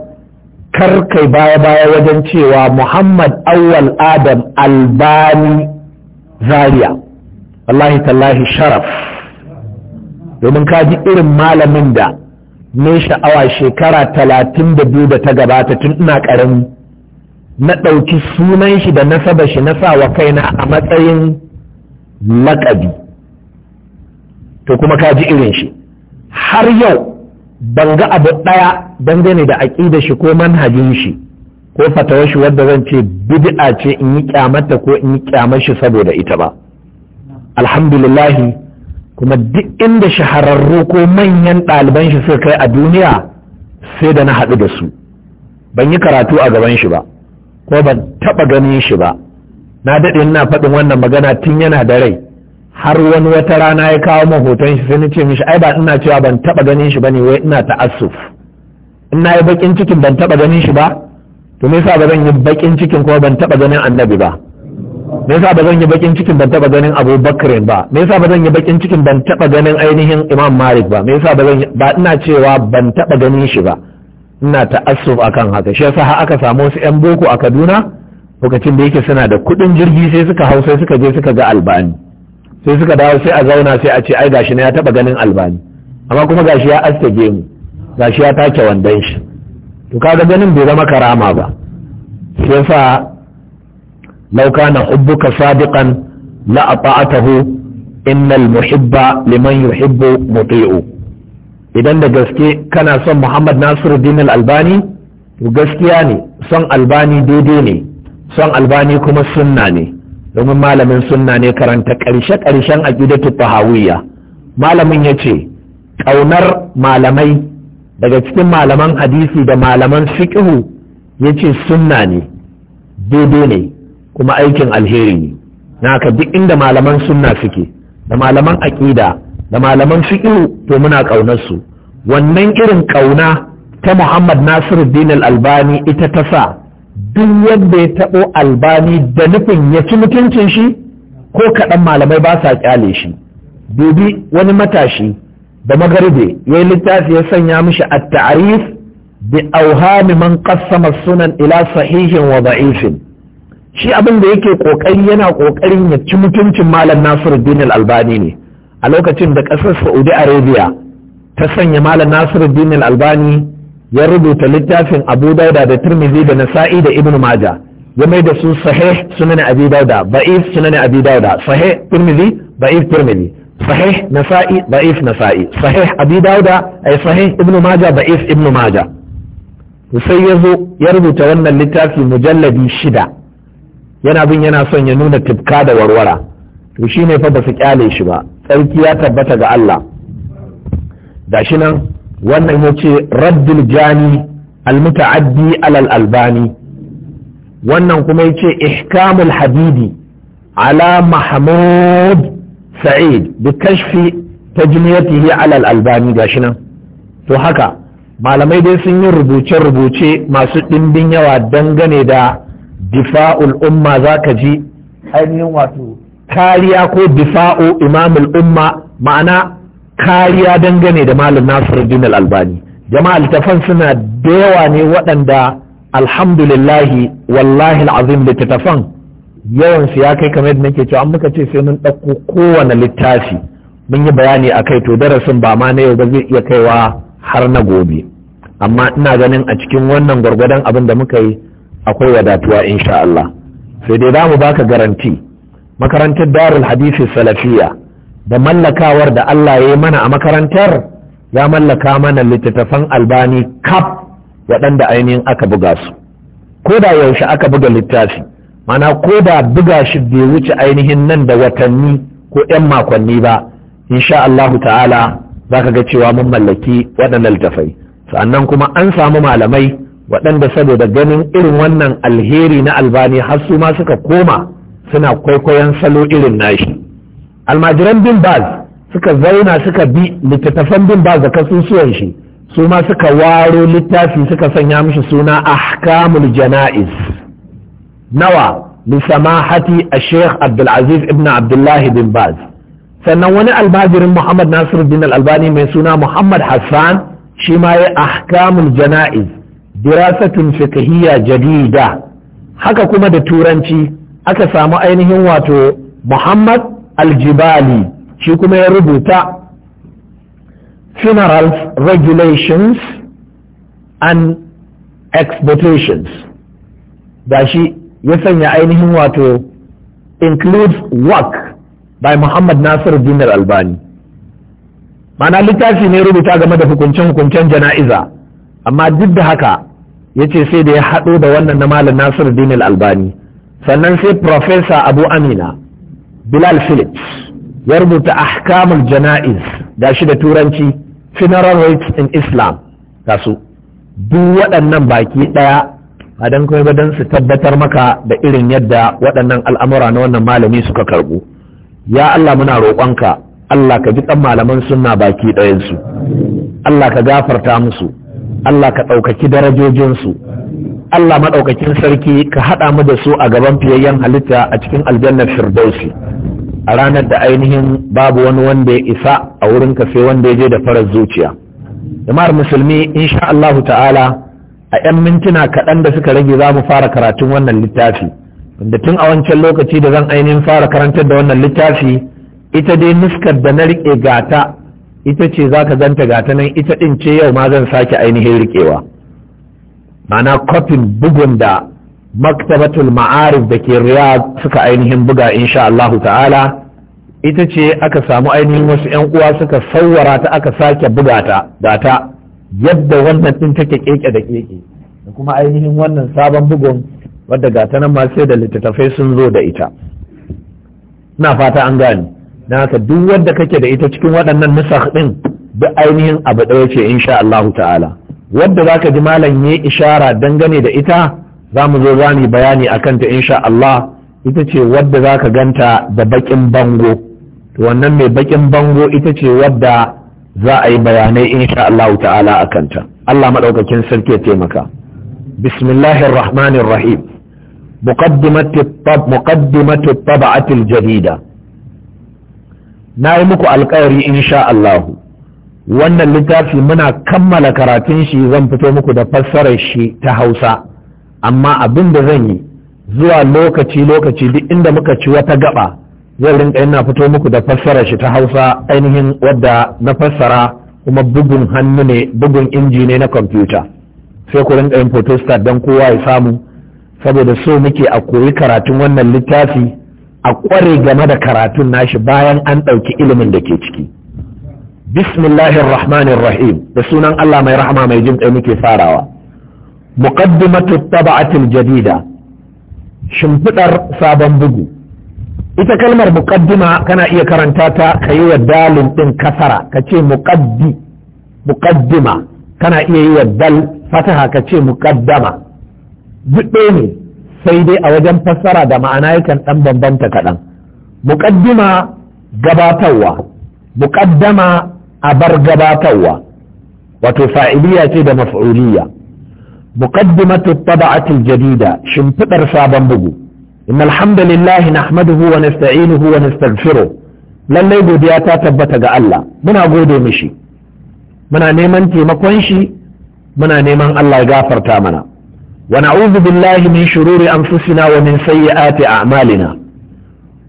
kar kai baya baya wajen cewa muhammad awwal adam albani zaria allahi tallahi sharaf domin ka ji irin malamin da mai sha'awa shekara talatin da biyu da ta gabata tun ina ƙarami na ɗauki sunan shi da nasaba shi na sa wa kaina a matsayin laƙabi to kuma ka ji irin shi har yau ban ga abu ɗaya dangane da aƙida shi ko manhajin shi ko fatawar shi wadda zan ce bid'a ce in yi kyamata ko in yi kyamar shi saboda ita ba alhamdulillahi kuma duk inda shahararru ko manyan ɗaliban shi suka kai a duniya sai da na haɗu da su ban yi karatu a gaban shi ba ko ban taɓa ganin shi ba na daɗe ina faɗin wannan magana tun yana da rai har wani wata rana ya kawo min hoton shi sai na ce mishi ai ba ina cewa ban taba ganin shi bane wai ina ta'assuf ina yi bakin cikin ban taba ganin shi ba to me yasa ba zan yi bakin cikin kuma ban taba ganin annabi ba me yasa ba zan yi bakin cikin ban taba ganin Abu Bakr ba me yasa ba zan yi bakin cikin ban taba ganin ainihin Imam Malik ba me yasa ba zan ba ina cewa ban taba ganin shi ba ina ta'assuf akan haka shi yasa har aka samu wasu yan boko a Kaduna lokacin da yake suna da kudin jirgi sai suka hau sai suka je suka ga Albani sai suka dawo sai a zauna sai a ce ai gashi na ya taba ganin albani amma kuma gashi ya astage mu gashi ya take wandan shi to kaga ganin bai zama karama ba sai fa law kana hubbuka sadiqan la ata'atahu innal muhibba liman yuhibbu muti'u idan da gaske kana son Muhammad Nasiruddin Al-Albani to gaskiya ne son Albani daidai ne son Albani kuma sunna ne domin malamin sunna ne karanta ƙarshe ƙarshen aqidatu tahawiyya malamin yace ƙaunar malamai daga cikin malaman hadisi da malaman fiqhu yace sunna ne daidai ne kuma aikin alheri ne na duk inda malaman sunna suke da malaman aƙida da malaman fiqhu to muna ƙaunar su wannan irin ƙauna ta Muhammad Nasiruddin Al-Albani ita ta sa duk wanda ya taɓo albani da nufin ya ci mutuncin shi ko kaɗan malamai ba sa ƙyale shi dubi wani matashi da magarbe ya yi littafi ya sanya mishi a ta'arif bi auhami man qassama sunan ila sahihin wa da'ifin shi abin da yake kokari yana kokarin ya ci mutuncin malam Nasiruddin Al-Albani ne a lokacin da ƙasar Saudi Arabia ta sanya malam Nasiruddin Al-Albani ya rubuta littafin abu dauda da turmizi da nasa'i da ibn maja ya mai da su sahih sunan abi dauda ba'if sunan abi dauda sahih turmizi ba'if turmizi sahih nasa'i ba'if nasa'i sahih abi dauda ay sahih ibn maja ba'if ibn maja sai ya zo ya rubuta wannan littafi mujalladi shida yana bin yana son ya nuna tibka da warwara to shine fa ba su kyale shi ba tsarki ya tabbata ga Allah gashi nan wannan ya ce raddul jani muta'addi alal albani wannan kuma ya ce ihkamul Habibi. ala mahmud sa'id bi kashfi tajmiyatihi alal albani gashi nan to haka malamai dai sun yi rubuce-rubuce masu ɗimbin yawa dangane da difa'ul umma za ka ji ainihin wato kariya ko difa'u imamul umma ma'ana kariya dangane da malam nasiruddin albani jama'a littafan suna da yawa ne waɗanda alhamdulillahi wallahi azim littattafan yawan su ya kai kamar da nake cewa an muka ce sai mun ɗauko kowane littafi mun yi bayani a kai to darasin ba ma na yau ba zai iya kaiwa har na gobe amma ina ganin a cikin wannan gwargwadon abin da muka yi akwai wadatuwa insha Allah sai dai za mu baka garanti makarantar darul hadisi salafiya da mallakawar da Allah ya yi mana a makarantar ya mallaka mana littattafan albani kaf waɗanda ainihin aka buga su ko da yaushe aka buga littafi mana ko da buga shi bai wuce ainihin nan da watanni ko 'yan makonni ba insha Allahu ta'ala za ka ga cewa mun mallaki waɗannan littafai sannan kuma an samu malamai waɗanda saboda ganin irin wannan alheri na albani har su ma suka koma suna kwaikwayon salo irin nashi almajiran bin baz suka zauna suka bi littattafan bin baz da kasusuwan shi su ma suka waro littafi suka sanya mishi suna ahkamul jana'iz nawa lisamahati a sheikh abdulaziz ibn abdullahi bin baz sannan wani almajirin muhammad nasiruddin albani mai suna muhammad hassan shi ma ya ahkamul jana'iz dirasatun fiqhiyya jadida haka kuma da turanci aka samu ainihin wato muhammad aljibali shi kuma ya rubuta funeral regulations and exportations da shi ya sanya ainihin wato includes work by Muhammad Nasir Dinar Albani mana littafi ne rubuta game da hukuncen-hukuncen jana'iza amma duk da haka ya ce sai da ya haɗo da wannan na malam Nasir Dinar Albani sannan sai Profesa Abu Amina bilal phillips ya rubuta ahkamul jana'iz shi da turanci funeral rites in islam ga su duk waɗannan baki ɗaya a don kuma ba don su tabbatar maka da irin yadda waɗannan al'amura na wannan malami suka karɓo. ya Allah muna roƙonka Allah ka ji ɗan malaman sunna baki ɗayansu Allah ka gafarta musu Allah ka ɗaukaki darajojinsu Allah maɗaukakin sarki ka haɗa mu da su a gaban fiyayyen halitta a cikin aljannar firdausi a ranar da ainihin babu wani wanda ya isa a wurin ka sai wanda ya je da farar zuciya jama'ar musulmi insha Allahu ta'ala a 'yan mintuna kaɗan da suka rage za mu fara karatun wannan littafi da tun a wancan lokaci da zan ainihin fara karantar da wannan littafi ita dai nuskar da na riƙe gata ita ce za ka zanta gata nan ita ɗin ce yau ma zan sake ainihin riƙewa ma'ana kofin bugun da maktabatul ma'arif da ke Riya suka ainihin buga insha Allahu ta'ala ita ce aka samu ainihin wasu 'yan uwa suka sauwara ta aka sake buga ta da ta yadda wannan ɗin take keke da keke da kuma ainihin wannan sabon bugun wadda ga ta nan ma sai da littattafai sun zo da ita na fata an gane na haka duk wadda kake da ita cikin waɗannan nusakh ɗin duk ainihin abu ɗaya ce insha Allahu ta'ala wadda zaka ji malam yi ishara dangane da ita za mu zo za mu bayani a kanta insha Allah ita ce wadda ka ganta da bakin bango wannan mai bakin bango ita ce wadda za a yi bayanai insha Allah ta'ala a kanta Allah maɗaukakin sarki ya taimaka bismillahir rahmanir rahim مقدمة الطبعة na yi muku alkawari insha Allahu wannan littafi muna kammala karatun shi zan fito muku da fassarar shi ta hausa amma abin da zan yi zuwa lokaci-lokaci duk inda muka ci wata gaba zan rinka yana fito muku da fassarar shi ta hausa ainihin wadda na fassara kuma bugun hannu ne bugun inji ne na kwamfuta sai ku rinka yin photostat don kowa ya samu saboda so muke a koyi karatun wannan littafi a kware game da karatun nashi bayan an ɗauki ilimin da ke ciki. bismillahir rahmanir rahim da sunan Allah mai rahama mai jin muke farawa muqaddimatu tab'atil jadida shimfidar sabon bugu ita kalmar muƙaddima kana iya karanta ta kayi wa dalin ɗin kasara kace muqaddi muqaddima kana iya yiwa wa dal fataha kace muqaddama duk ne sai dai a wajen fassara da ma'ana yakan bambanta kaɗan Muƙaddima gabatarwa muƙaddama a bar gabatarwa wato fa'iliya ce da maf'uliya muqaddimatu tab'atil jadida shimfiɗar sabon bugu innal hamdalillah nahmaduhu wa nasta'inuhu wa nastaghfiruh lallai godiya ta tabbata ga Allah muna gode mishi muna neman taimakon shi muna neman Allah ya gafarta mana wa na'udhu billahi min shururi anfusina wa min sayyiati a'malina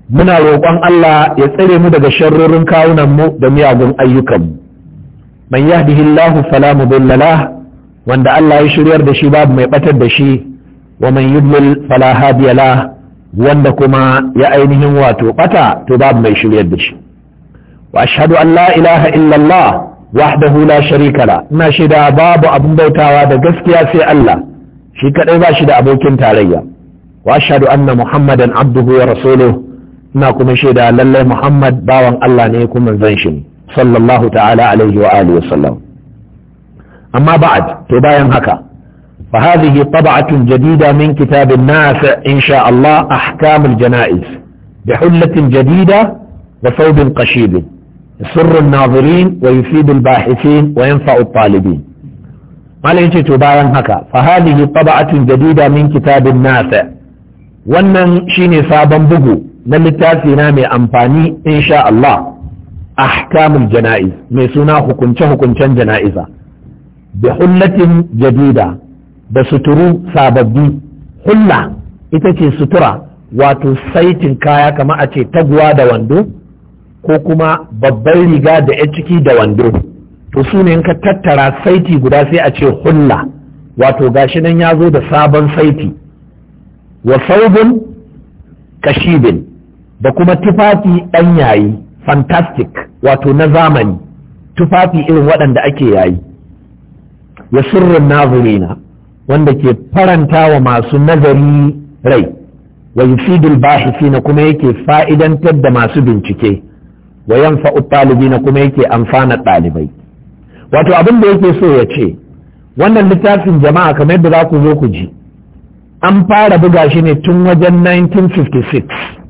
muna roƙon Allah ya tsare mu daga sharrorin kawunan mu da miyagun ayyukanmu man yahdihillahu fala mudilla lahu wanda Allah ya shiryar da shi babu mai batar da shi wa man yudlil fala hadiya wanda kuma ya ainihin wato bata to babu mai shiryar da shi wa ashhadu an la ilaha illa Allah wahdahu la sharika la ina shaida babu abin bautawa da gaskiya sai Allah shi kadai ba shi da abokin tarayya wa ashhadu anna muhammadan abduhu wa rasuluhu na kuma shaida lallai Muhammad bawan Allah ne kuma manzon shi sallallahu ta'ala alaihi wa alihi wasallam amma ba'ad to bayan haka fa hadhihi tab'atun jadida min kitab an-nafi insha Allah ahkam al-janaiz bi hullatin jadida wa thawbin qashib sirr an-nazirin wa yufid al-bahithin wa yanfa'u at-talibin malai ce to bayan haka fa hadhihi tab'atun jadida min kitab an-nafi wannan shine sabon bugu na littafi na mai amfani in sha Allah ahkamul jana'iz mai suna hukunce hukuncen jana'iza Da hullatin jadida da suturu sababbi hulla ita ce sutura wato saitin kaya kama a ce taguwa da wando ko kuma babban riga da ya ciki da wando to su ne ka tattara saiti guda sai a ce hulla wato gashi nan ya zo da sabon saiti wa saubin kashibin da kuma tufafi ɗan yayi fantastic wato na zamani tufafi irin waɗanda ake yayi ya sirrin nazirina wanda ke faranta wa masu nazari rai wa yufidul na kuma yake fa'idantar da masu bincike wa yanfa'u ɗalibina kuma yake amfana ɗalibai wato abin da yake so ya ce wannan littafin jama'a kamar yadda za ku zo ku ji an fara buga shi ne tun wajen 1956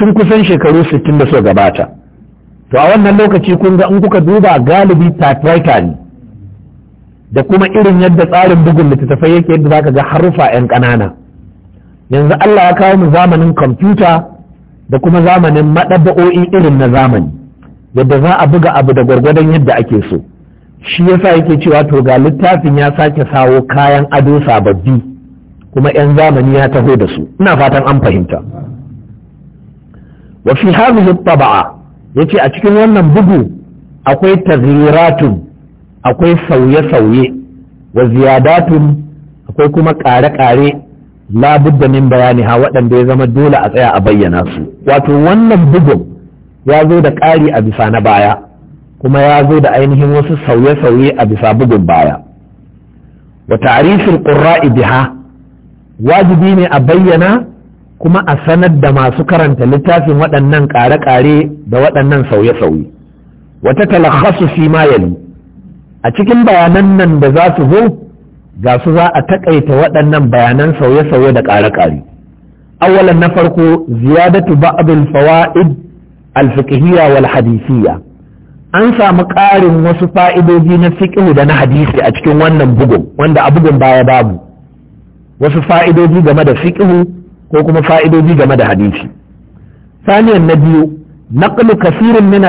tun kusan shekaru sittin da suka gabata to a wannan lokaci kun ga in kuka duba galibi typewriter ne da kuma irin yadda tsarin bugun littattafai yake yadda zaka ga harufa yan ƙanana yanzu Allah ya kawo mu zamanin kwamfuta da kuma zamanin maɗaba'o'i irin na zamani yadda za a buga abu da gwargwadon yadda ake so shi yasa yake cewa to ga littafin ya sake sawo kayan ado sababbi kuma 'yan zamani ya taho da su ina fatan an fahimta wa fi hadhihi taba'a yace a cikin wannan bugu akwai tazyiratun akwai sauye-sauye wa ziyadatun akwai kuma ƙare-ƙare labudda min bayani ha waɗanda ya zama dole a tsaya a bayyana su wato wannan bugun ya zo da ƙari a bisa na baya kuma ya zo da ainihin wasu sauye-sauye a bisa bugun baya wa ta'rifin qurra'i biha wajibi ne a bayyana kuma a sanar da masu karanta littafin waɗannan ƙare-ƙare da waɗannan sauye-sauye wata talakhasu fi ma yali a cikin bayanan nan da za su zo ga su za a taƙaita waɗannan bayanan sauye-sauye da ƙare-ƙare awalan na farko ziyadatu ba'dul fawaid al-fiqhiyya wal hadisiyya an samu ƙarin wasu fa'idoji na fiqhu da na hadisi a cikin wannan bugun wanda a bugun baya babu wasu fa'idoji game da fiqhu ko kuma fa'idoji game da hadisi saniyan na biyu naqlu kasirin min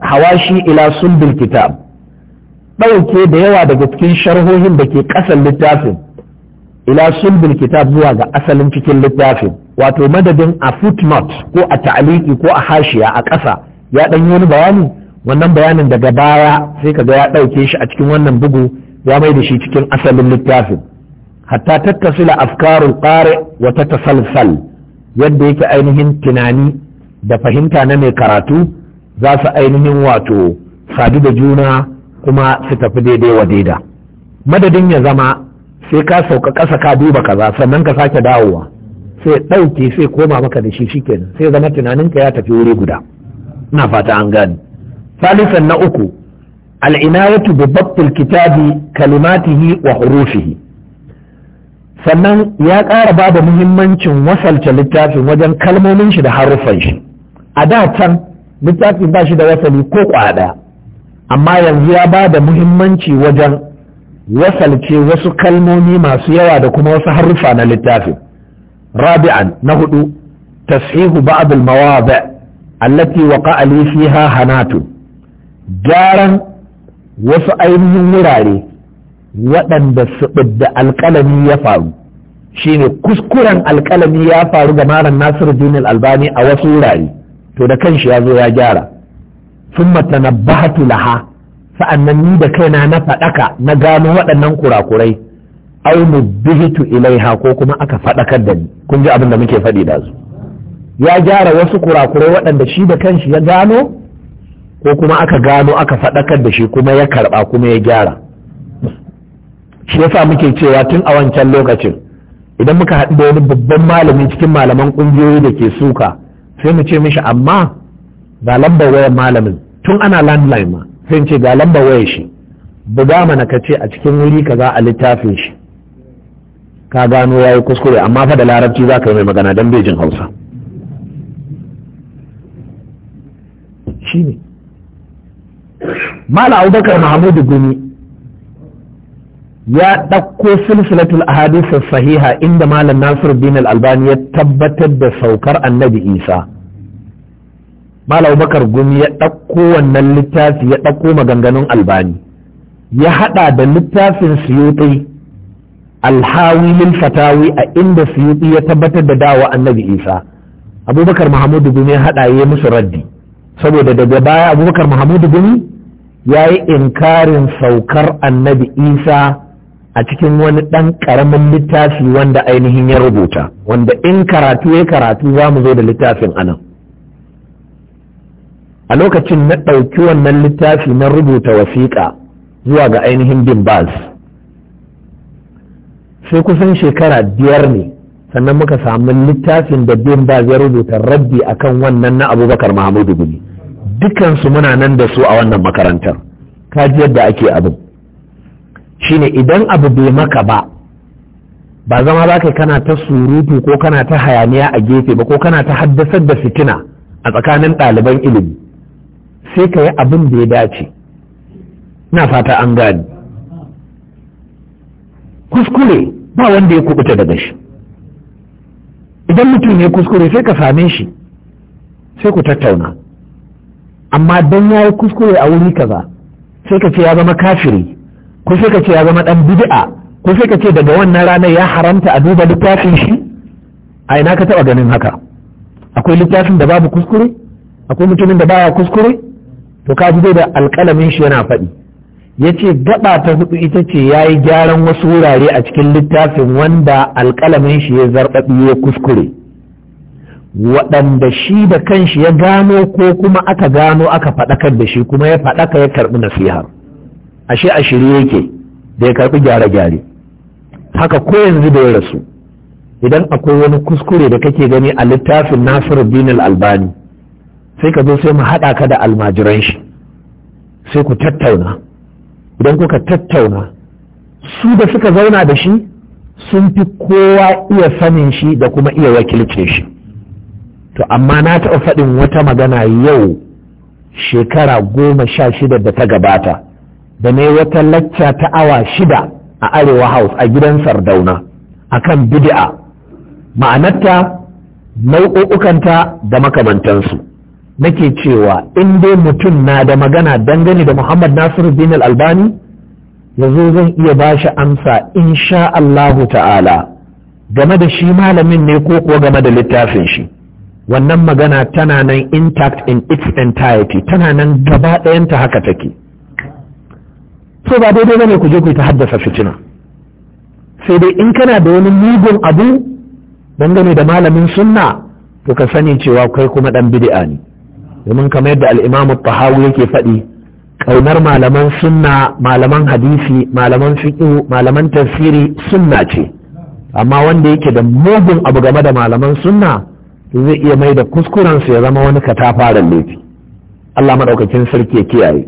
hawashi ila sulbil kitab ɗauke da yawa daga cikin sharhohin da ke ƙasan littafin ila sulbil kitab zuwa ga asalin cikin littafin wato madadin a footnote ko a ta'aliki ko a hashiya a ƙasa ya ɗan yi wani bayani wannan bayanin daga baya sai ka ga ya ɗauke shi a cikin wannan bugu ya mai da shi cikin asalin littafin hatta tattasila afkarul qari wata tasalsal, yadda yake ainihin tunani da fahimta na mai karatu za su ainihin wato sadu da juna kuma su tafi daidai wa daida madadin ya zama sai ka sauka ƙasa ka duba kaza sannan ka sake dawowa sai ɗauke sai koma maka da shi shikenan sai zama tunaninka ya tafi wuri guda ina fata an gani salisan na uku al'inayatu bi babtul kitabi kalimatihi wa hurufihi sannan ya ƙara ba da muhimmancin wasalce littafin wajen kalmomin shi da haruffan shi a da can littafin ba shi da wasali ko kwada amma yanzu ya ba da muhimmanci wajen wasalce wasu kalmomi masu yawa da kuma wasu haruffa na littafin rabi'an na hudu tashihu ba'd al-mawadi' allati waqa'a fiha gyaran wasu ainihin wurare waɗanda da alƙalami ya faru shine kuskuren alƙalami ya faru ga malam nasiru dinin albani a wasu wurare to da kanshi ya zo ya gyara sun matanabbahatu laha sa'annan ni da kaina na faɗaka na gano waɗannan kurakurai au Bihitu ilaiha ko kuma aka faɗakar da ni kun ji abin da muke faɗi da su ya gyara wasu kurakurai waɗanda shi da kanshi ya gano ko kuma aka gano aka faɗakar da shi kuma ya karɓa kuma ya gyara shi yasa muke cewa tun a wancan lokacin idan muka haɗu da wani babban malami cikin malaman ƙungiyoyi da ke suka sai mu ce mishi amma ga lambar wayar malamin tun ana landline ma sai ce ga lambar wayar shi buga mana ka ce a cikin wuri kaza a littafin shi ka gano yayi kuskure amma fa da larabci za ka yi mai magana don bejin hausa shi ne mala abubakar mahamudu gumi ya ɗauko silsilatul ahadisa sahiha inda malam Nasiru al-albani ya tabbatar da saukar annabi isa malam bakar gumi ya ɗauko wannan littafi ya ɗauko maganganun albani ya haɗa da littafin suyuti alhawi lil fatawi a inda suyuti ya tabbatar da dawa annabi isa abubakar mahamudu gumi ya haɗa ya musu raddi saboda daga baya abubakar mahamudu gumi ya yi inkarin saukar annabi isa a cikin wani ɗan ƙaramin littafi wanda ainihin ya rubuta wanda in karatu ya karatu za mu zo da littafin anan a lokacin na ɗauki wannan littafi na rubuta wasiƙa zuwa ga ainihin bin sai kusan shekara biyar ne sannan muka samu littafin da bin ya rubuta rabbi akan wannan na abubakar mahamudu gumi dukansu muna nan da su a wannan makarantar kaji yadda ake abin shine idan abu bai maka ba ba zama za ka kana ta surutu ko kana ta hayaniya a gefe ba ko kana ta haddasar da fitina a tsakanin ɗaliban ilimi sai ka yi abin da ya dace na fata an gani kuskure ba wanda ya kubuta daga shi idan mutum ya kuskure sai ka same shi sai ku tattauna amma don ya yi kuskure a wuri kaza sai ka ce ya zama kafiri ko sai ka ce ya zama dan bid'a ko sai ka ce daga wannan ranar ya haramta a duba littafin shi a ina ka taba ganin haka akwai littafin da babu kuskure akwai mutumin da baya kuskure to ka ji da alƙalamin shi yana faɗi ya ce gaba ta hudu ita ce ya yi gyaran wasu wurare a cikin littafin wanda alƙalamin shi ya zarɓaɓi ya kuskure waɗanda shi da kanshi ya gano ko kuma aka gano aka faɗakar da shi kuma ya faɗaka ya karɓi nasihar ashe a shirye yake da ya karɓi gyare-gyare haka ko yanzu da ya rasu idan akwai wani kuskure da kake gani a littafin nasiru al-albani sai ka zo sai mu haɗa ka da almajiran shi sai ku tattauna idan kuka tattauna su da suka zauna da shi sun fi kowa iya sanin shi da kuma iya wakilce shi to amma na taɓa faɗin wata magana yau shekara goma sha shida da ta gabata da ne wata lacca ta awa shida a arewa house a gidan sardauna akan bid'a ma'anarta nau'u'ukanta da makamantansu nake cewa in dai mutum na da magana dangane da muhammad nasiru bin albani yanzu zan iya ba shi amsa insha Allahu ta'ala game da shi malamin ne ko kuwa game da littafin shi wannan magana tana nan intact in its entirety tana nan gaba ɗayanta haka take. so ba daidai bane ku je ku ta haddasa fitina sai dai in kana da wani mugun abu dangane da malamin sunna to ka sani cewa kai kuma dan bid'a ne domin kamar yadda al-Imam tahawi yake faɗi kaunar malaman sunna malaman hadisi malaman fiqh malaman tafsiri sunna ce amma wanda yake da mugun abu game da malaman sunna zai iya mai da kuskuren su ya zama wani katafaren laifi Allah maɗaukakin sarki ya kiyaye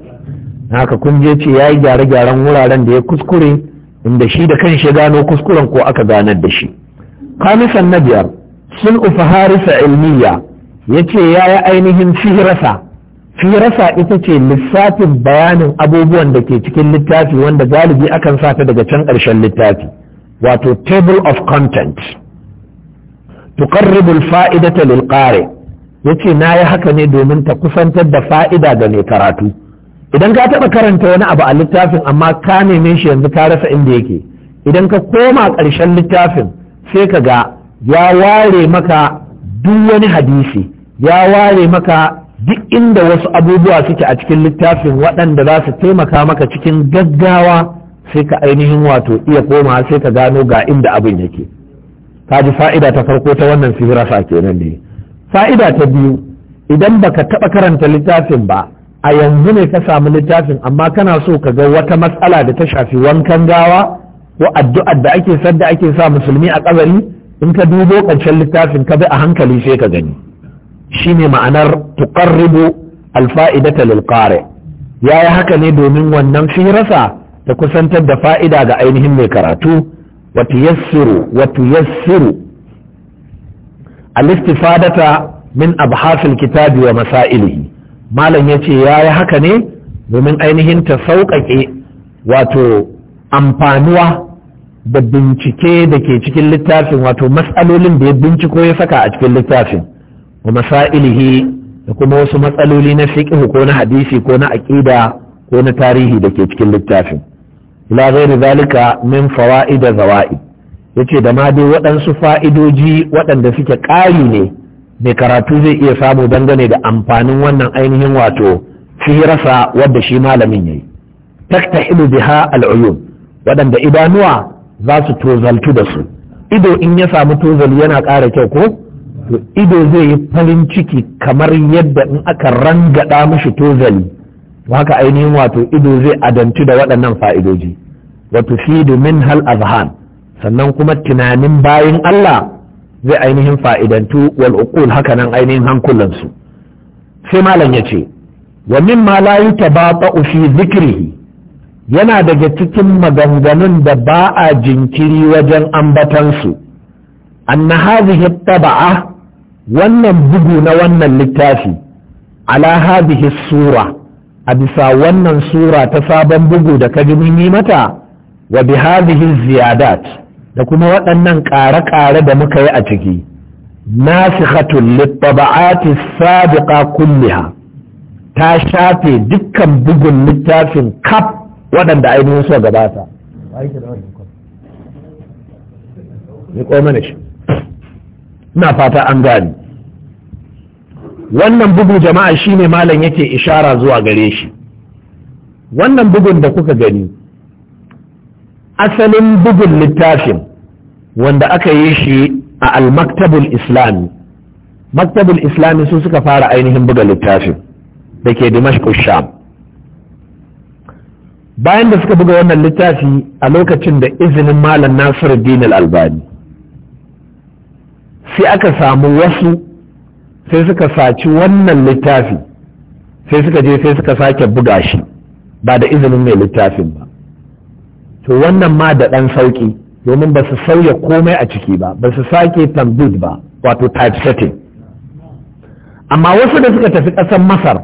haka kun je ce yi gyare-gyaren wuraren da ya kuskure inda shi da kanshi gano kuskuren ko aka ganar da shi kamisan na biyar sun ufa harisa ilmiya ya ce ya yi ainihin firasa firasa ita ce lissafin bayanin abubuwan da ke cikin littafi wanda galibi akan sa ta daga can ƙarshen littafi wato table of content tuqarribu al-fa'idata lil qari yace nayi haka ne domin ta kusantar da fa'ida ga mai karatu idan ka taɓa karanta wani abu a littafin amma ka neme shi yanzu ka rasa inda yake idan ka koma ƙarshen littafin sai ka ga ya ware maka duk wani hadisi ya ware maka duk inda wasu abubuwa suke a cikin littafin waɗanda za su taimaka maka cikin gaggawa sai ka ainihin wato iya koma sai ka gano ga inda abin yake ka ji fa'ida ta farko ta wannan sihira sa kenan ne fa'ida ta biyu idan baka taɓa karanta littafin ba a yanzu ne ka samu littafin amma kana so ka ga wata matsala da ta shafi wankan gawa ko addu'ar da ake sadda ake sa musulmi a kabari in ka dubo karshen littafin ka bi a hankali sai ka gani shine ma'anar tuqarribu alfa'idata lil qari yayi haka ne domin wannan firasa ta kusantar da fa'ida ga ainihin mai karatu wa tuyassiru wa tuyassiru al-istifadata min abhasil kitabi wa masailihi malam ya ce ya yi haka ne domin ainihin ta sauƙaƙe wato amfanuwa da bincike da ke cikin littafin wato matsalolin da ya binciko ya saka a cikin littafin wa masailihi da kuma wasu matsaloli na fiqh ko na hadisi ko na aƙida ko na tarihi da ke cikin littafin ila ghairi zalika min fawaid zawaid yace da ma dai waɗansu fa'idoji waɗanda suke ƙari ne mai karatu zai iya samu dangane da amfanin wannan ainihin wato firasa wadda shi malamin ya yayi taktahilu biha al'uyun waɗanda idanuwa za su tozaltu da su ido in ya samu tozali yana ƙara kyau ko to ido zai yi farin ciki kamar yadda in aka rangada mashi tozali haka ainihin wato ido zai adantu da waɗannan fa'idoji wato fi domin hal sannan kuma tunanin bayan Allah zai ainihin fa'idantu wal uqul haka nan ainihin hankulansu sai malam ya ce wa mimma la yutabaqa'u fi zikrihi yana daga cikin maganganun da ba a jinkiri wajen ambatansu anna hadhihi taba'a wannan bugu na wannan littafi ala hadhihi sura a bisa wannan sura ta sabon bugu da kaji mun yi mata wa bi hadhihi ziyadat da kuma waɗannan ƙare-ƙare da muka yi a ciki nasikhatun littaba'ati sabiqa kulliha ta shafe dukkan bugun littafin kaf waɗanda ainihin so gabata na fata an gani wannan bugu jama'a shine malam yake ishara zuwa gare shi wannan bugun da kuka gani asalin bugun littafin wanda aka yi shi a al-maktabul islami maktabul islami su suka fara ainihin buga littafin da ke sham bayan da suka buga wannan littafi a lokacin da izinin malam nasiruddin al-albani sai aka samu wasu sai suka saci wannan littafi sai suka je sai suka sake buga shi ba da izinin mai littafin ba to wannan ma da ɗan sauƙi domin ba su sauya komai a ciki ba ba su sake tambid ba wato typesetting amma wasu da suka tafi ƙasar masar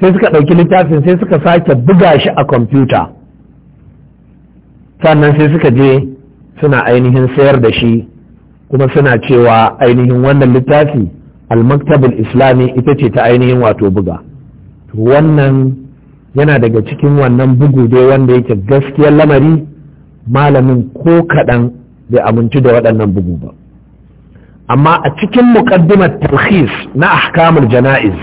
sai suka ɗauki littafin sai suka sake buga shi a kwamfuta sannan sai suka je suna ainihin sayar da shi kuma suna cewa ainihin wannan littafi al-maktabul islami ita ce ta ainihin wato buga wannan yana daga cikin wannan bugu dai wanda yake gaskiyar lamari malamin ko kaɗan bai amintu da waɗannan bugu ba amma a cikin muƙaddimar tarhis na ahkamul jana'iz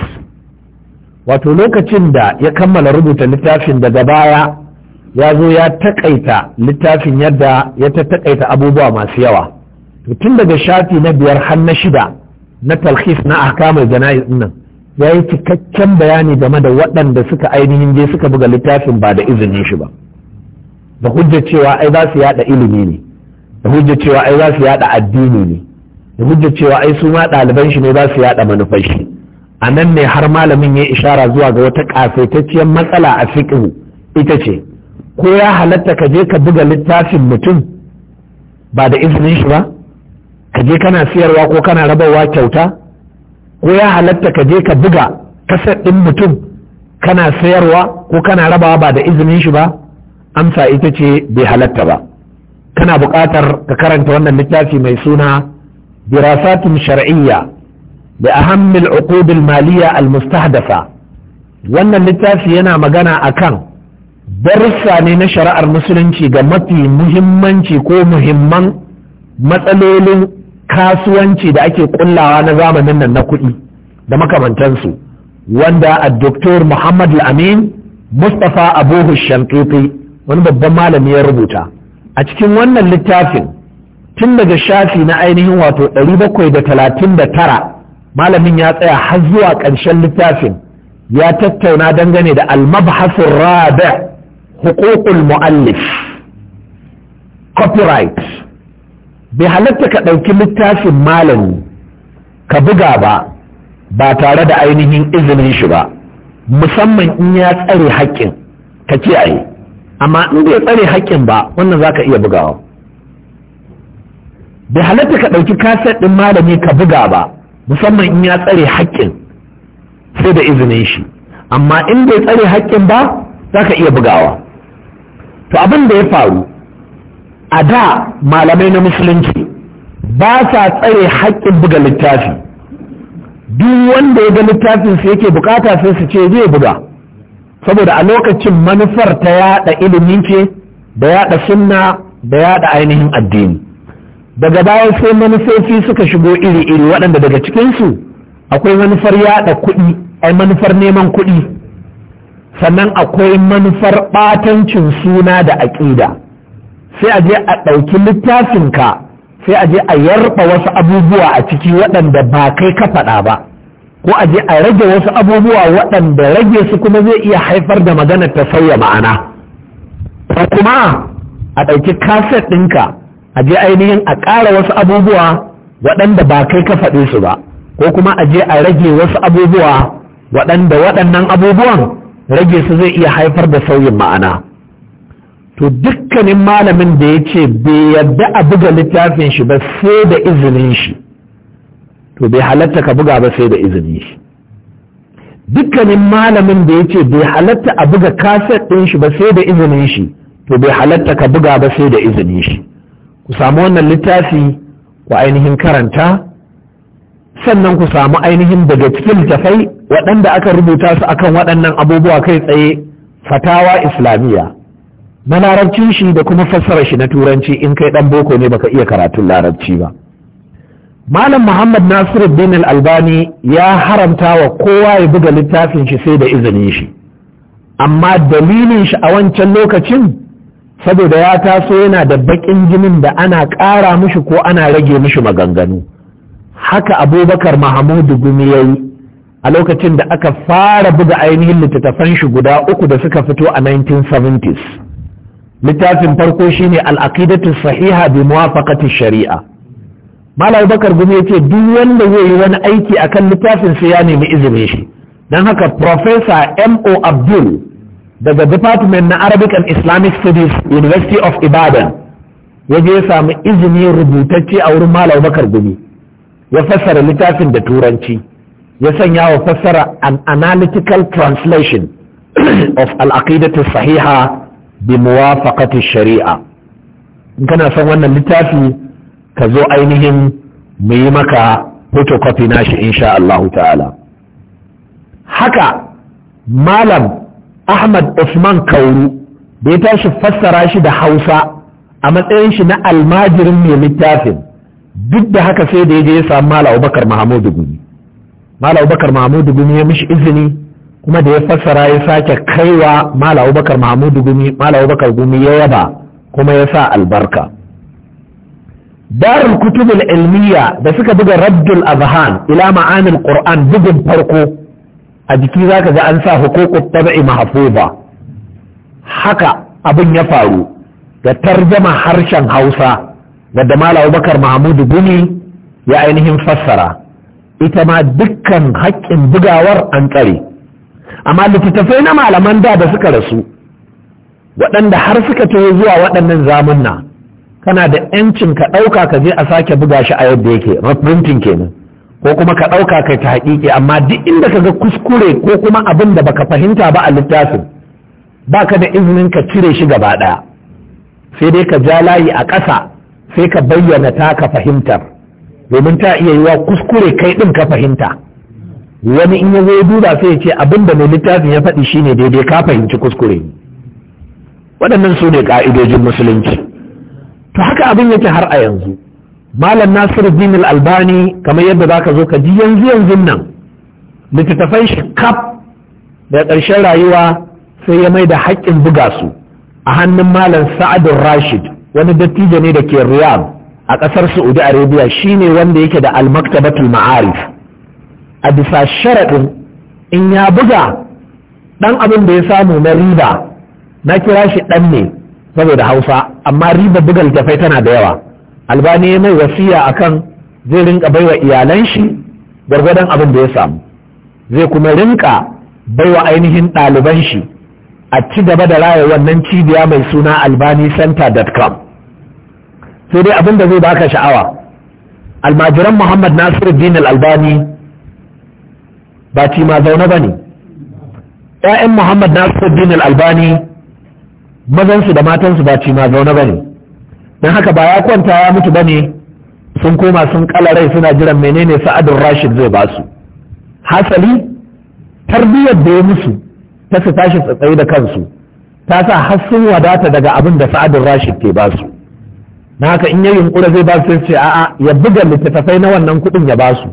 wato lokacin da ya kammala rubuta littafin daga baya ya zo ya taƙaita littafin yadda ya ta taƙaita abubuwa masu yawa tun daga shafi na biyar har na shida na talhis na ahkamul jana'iz nan ya yi cikakken bayani game da waɗanda suka ainihin je suka buga littafin ba da izinin shi ba da hujjar cewa ai za su yada ilimi ne da hujjar cewa ai za su yada addini ne da hujjar cewa ai su ma ɗaliban shi ne za su yada manufar shi a nan ne har malamin ya ishara zuwa ga wata kasaitacciyar matsala a fiƙihu ita ce ko ya halatta ka je ka buga littafin mutum ba da izinin shi ba ka je kana siyarwa ko kana rabawa kyauta ko ya halatta ka je ka buga kasar ɗin mutum kana sayarwa ko kana rabawa ba da izinin shi ba amsa ita ce bai halatta ba kana buƙatar ka karanta wannan littafi mai suna dirasatun shar'iyya da ahammil uqudul maliya al mustahdafa wannan littafi yana magana akan darussa ne na shari'ar musulunci ga mafi muhimmanci ko muhimman matsalolin kasuwanci da ake kullawa na zamanin nan na kuɗi da makamantansu wanda a doktor muhammad al mustapha abu shantuti wani babban malami ya rubuta a cikin wannan littafin tun daga shafi na ainihin wato 739 malamin ya tsaya har zuwa ƙarshen littafin ya tattauna dangane da almabhasin rabi hukukul mu'allif copyright bai halatta ka ɗauki littafin malami ka buga ba ba tare da ainihin izinin shi ba musamman in ya tsare haƙƙin ka kiyaye amma in bai tsare haƙƙin ba wannan za ka iya bugawa bai halatta ka ɗauki kaset ɗin malami ka buga ba musamman in ya tsare haƙƙin sai da izinin shi amma in bai tsare haƙƙin ba za ka iya bugawa to abin da ya faru a da malamai na musulunci ba sa tsare haƙƙin buga littafi duk wanda ya ga littafin su yake bukata sai su ce zai buga saboda a lokacin manufar ta yaɗa ilimi ce da yaɗa sunna da yaɗa ainihin addini daga baya sai manufofi suka shigo iri-iri waɗanda daga cikinsu akwai manufar yaɗa kuɗi ai manufar neman kuɗi sannan akwai manufar ɓatancin suna da aƙida sai a je a ɗauki littafinka sai a je a yarba wasu abubuwa a ciki waɗanda ba kai ka faɗa ba ko a je a rage wasu abubuwa waɗanda rage su kuma zai iya haifar da magana ta sauya ma'ana ko kuma a ɗauki kaset ɗinka a je ainihin a ƙara wasu abubuwa waɗanda ba kai ka faɗe su ba ko kuma a je a rage wasu abubuwa waɗanda waɗannan abubuwan rage su zai iya haifar da sauyin ma'ana to dukkanin malamin da ya ce bai yadda a buga littafin shi ba sai da izinin shi to bai halatta ka buga ba sai da izini shi dukkanin malamin da ya ce bai halatta a buga kaset ɗin shi ba sai da izinin shi to bai halatta ka buga ba sai da izini shi ku samu wannan littafi ku ainihin karanta sannan ku samu ainihin daga cikin tafai waɗanda aka rubuta su akan waɗannan abubuwa kai tsaye fatawa islamiyya na larabcin shi da kuma fassara shi na turanci in kai ɗan boko ne baka iya karatun larabci ba malam muhammad nasiruddin al-albani ya haramta wa kowa ya buga littafin shi sai da izinin shi amma dalilin shi a wancan lokacin saboda ya taso yana da baƙin jinin da ana ƙara mishi ko ana rage mishi maganganu haka abubakar mahamudu gumi ya yi a lokacin da aka fara buga ainihin littattafan shi guda uku da suka fito a 1970s littafin farko shine al-aqidatu sahiha bi muwafaqati shari'a malam bakar gumi ya ce duk wanda zai yi wani aiki akan littafin sai ya nemi izinin shi don haka professor mo abdul daga department na arabic and islamic studies university of ibadan ya je ya samu izini rubutacce a wurin malam bakar gumi ya fassara littafin da turanci ya sanya wa fassara an analytical translation of al'aqidatu sahiha bi muwafaqati shari'a in kana son wannan littafi ka zo ainihin mu yi maka photocopy shi insha Allahu ta'ala haka malam Ahmad Usman Kauru da ya tashi fassara shi da Hausa a matsayin shi na almajirin mai littafin duk da haka sai da ya je ya samu Malam Abubakar Mahmud Gumi Malam Abubakar Mahmud Gumi ya mishi izini kuma da ya fassara ya sake kaiwa Malam Abubakar Mahmud Gumi Malam Abubakar Gumi ya yaba kuma ya sa albarka darul kutubul ilmiya da suka buga raddul azhan ila ma'anil qur'an bugun farko a jiki zaka ga an sa huququt tab'i mahfuza haka abin ya faru da tarjama harshen Hausa da Malam Abubakar Mahmud Gumi ya ainihin fassara ita ma dukkan haƙƙin bugawar an tsare amma littattafai na malaman da da suka rasu waɗanda har suka taho zuwa waɗannan zamunna kana da yancin ka ɗauka ka je a sake buga shi a yadda yake reprinting kenan ko kuma ka ɗauka kai ta haƙiƙi amma duk inda ka ga kuskure ko kuma abin da baka fahimta ba a littafin baka da izinin ka cire shi gaba ɗaya sai dai ka ja layi a ƙasa sai ka bayyana ta ka fahimtar domin ta iya yiwa kuskure kai ɗin ka fahimta wani in ya zo ya duba sai ya ce abin da mai littafin ya faɗi shine daidai ka fahimci kuskure waɗannan su ne ƙa'idojin musulunci to haka abin yake har a yanzu malam Nasiru, al-albani kamar yadda za ka zo ka ji yanzu yanzu nan littattafan shi kaf da ƙarshen rayuwa sai ya mai da haƙƙin buga su a hannun malam sa'adun rashid wani dattijo ne da ke riyadh a ƙasar saudi arabia shine wanda yake da al-maktabatul ma'arif a bisa sharaɗin in ya buga ɗan abin da ya samu na riba na kira shi ɗan ne saboda hausa amma riba buga tafai tana da yawa albani ya mai wasiya akan zai rinka baiwa iyalan shi gwargwadon abin da ya samu zai kuma rinka baiwa ainihin ɗaliban shi a ci gaba da raya wannan cibiya mai suna albanicenter.com sai dai abin da zai baka sha'awa almajiran muhammad nasiruddin albani ba ci ma zaune ba ne 'ya'yan muhammad nasiruddin albani mazansu da matansu ba ci zaune ba ne don haka ba ya kwanta ya mutu ba ne sun koma sun kala rai suna jiran menene sa'adun rashid zai ba su hasali tarbiyyar da ya musu ta su tashi tsatsayi da kansu ta sa har wadata daga abin da sa'adun rashid ke ba su na haka in ya kura zai ba su sai ce a'a ya buga littattafai na wannan kuɗin ya ba su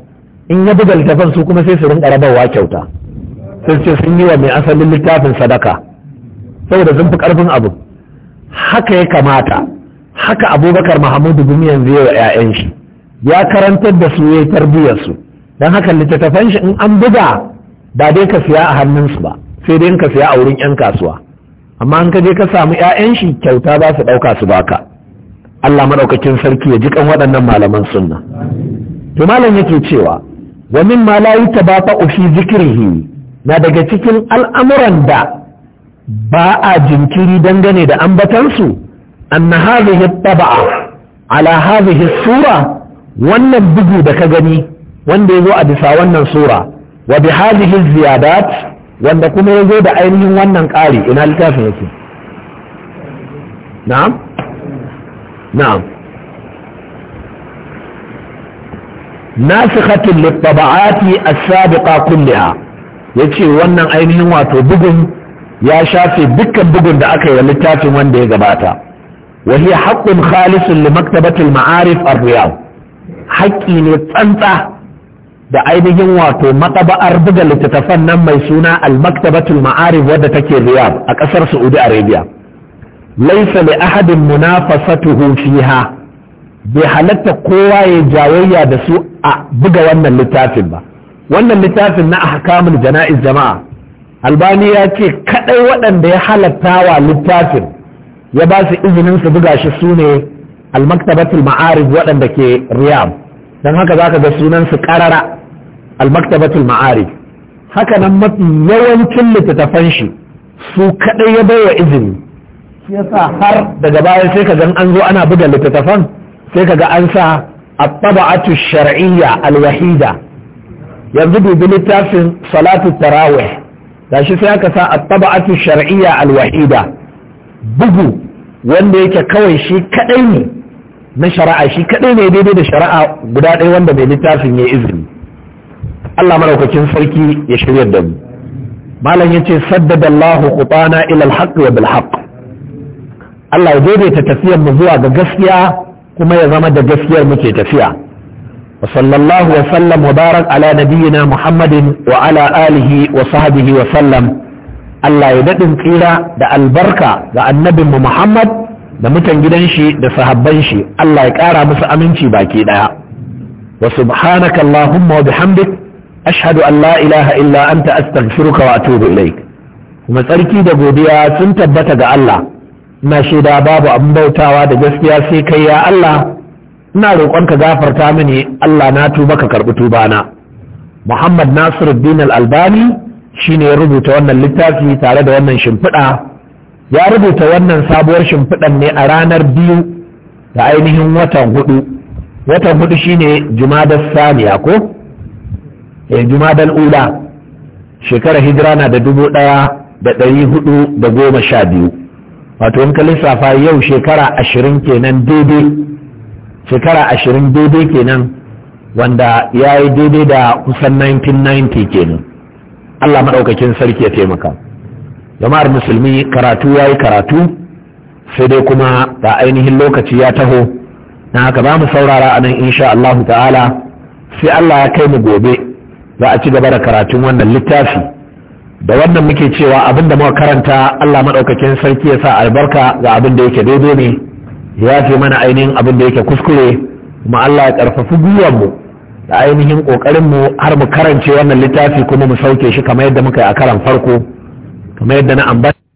in ya buga littattafan su kuma sai su rinka rabawa kyauta sai ce sun yi wa mai asalin littafin sadaka saboda sun fi karfin abu haka ya kamata haka abubakar mahamudu gumi yanzu yawa 'ya'yan shi ya karantar da su ya yi su don haka littattafan shi in an buga ba dai ka siya a hannunsu ba sai dai ka siya a wurin 'yan kasuwa amma in ka je ka samu 'ya'yan shi kyauta za su ɗauka su baka Allah maɗaukakin sarki ya ji kan waɗannan malaman sunna to malam yake cewa wa min ma la yutabafa fi zikrihi na daga cikin al'amuran da ba a jinkiri dangane da ambatansu anna hadhihi taba'a ala hadhihi sura wannan bugu da ka gani wanda ya zo a bisa wannan sura wa bi hadhihi ziyadat wanda kuma ya zo da ainihin wannan ƙari ina littafin yake na'am na'am nasikhatul litaba'ati as-sabiqa kulliha yace wannan ainihin wato bugun ya shafe dukkan bugun da aka yi wa littafin wanda ya gabata وهي حق خالص Ma'arif ar الرياض haƙƙi ne tsantsa da ainihin wato maƙaba'ar buga littattafan nan mai suna al-maktabatul ma'arif wadda take riyad a ƙasar saudi arabia laisa li ahadin munafasatuhu fiha bai halatta kowa ya jawayya da su a buga wannan littafin ba wannan littafin na ahkamul jana'iz jama'a albani ya ce kadai waɗanda ya halatta wa littafin ya ba su izinin su buga shi su ne almaktabatul ma'arif waɗanda ke riyam don haka za ka ga su ƙarara almaktabatul ma'arif haka nan mafi yawancin littattafan shi su kadai ya baiwa izini shi yasa har daga baya sai ka gan an zo ana buga littattafan sai ka ga an sa at-taba'atu shar'iyya al-wahida yanzu dubi littafin salatu tarawih gashi sai aka sa at-taba'atu shar'iyya al-wahida bugu wanda yake kawai shi kadai ne na shari'a shi kadai ne daidai da shari'a guda ɗaya wanda mai littafin ya izini Allah maraukakin sarki ya shirya da mu malam yace saddada Allah qutana ila al ya wa bil haq. Allah ya daidaita tafiyar mu zuwa ga gaskiya kuma ya zama da gaskiyar muke tafiya وصلى الله وسلم وبارك على نبينا محمد وعلى آله وصحبه وسلم Allah ya daɗin tsira da albarka ga annabinmu Muhammad da mutan gidan shi da sahabban shi Allah ya ƙara musu aminci baki ɗaya. Wa subhanaka Allahumma wa bihamdik ashhadu an la ilaha illa anta astaghfiruka wa atubu ilaik. Kuma tsarki da godiya sun tabbata ga Allah. Ina shaida babu abin bautawa da gaskiya sai kai ya Allah ina roƙon ka gafarta mini Allah na tuba ka karɓi na. Muhammad Nasiruddin Al-Albani shine ya rubuta wannan littafi tare da wannan shimfiɗa ya rubuta wannan sabuwar shimfiɗan ne a ranar biyu da ainihin watan hudu watan hudu shine Jumadar Saniya ko eh Jumadar Ula shekarar hijira na da dubu ɗaya da ɗari hudu da goma sha biyu wato in ka lissafa yau shekara ashirin kenan daidai shekara ashirin daidai kenan wanda ya yi daidai da kusan 1990 kenan Allah maɗaukakin sarki ya taimaka jama'ar musulmi karatu ya yi karatu sai dai kuma da ainihin lokaci ya taho na haka za mu saurara a nan insha Allah ta'ala sai Allah ya kai mu gobe za a ci gaba da karatun wannan littafi da wannan muke cewa abinda muka karanta Allah maɗaukakin sarki ya sa albarka ga abin da yake daidai ne ya fi mana ainihin abin da yake kuskure kuma Allah ya karfafi mu da ainihin kokarin har mu karance wannan littafi kuma mu sauke shi kamar yadda muka yi a karan farko kamar yadda na ambata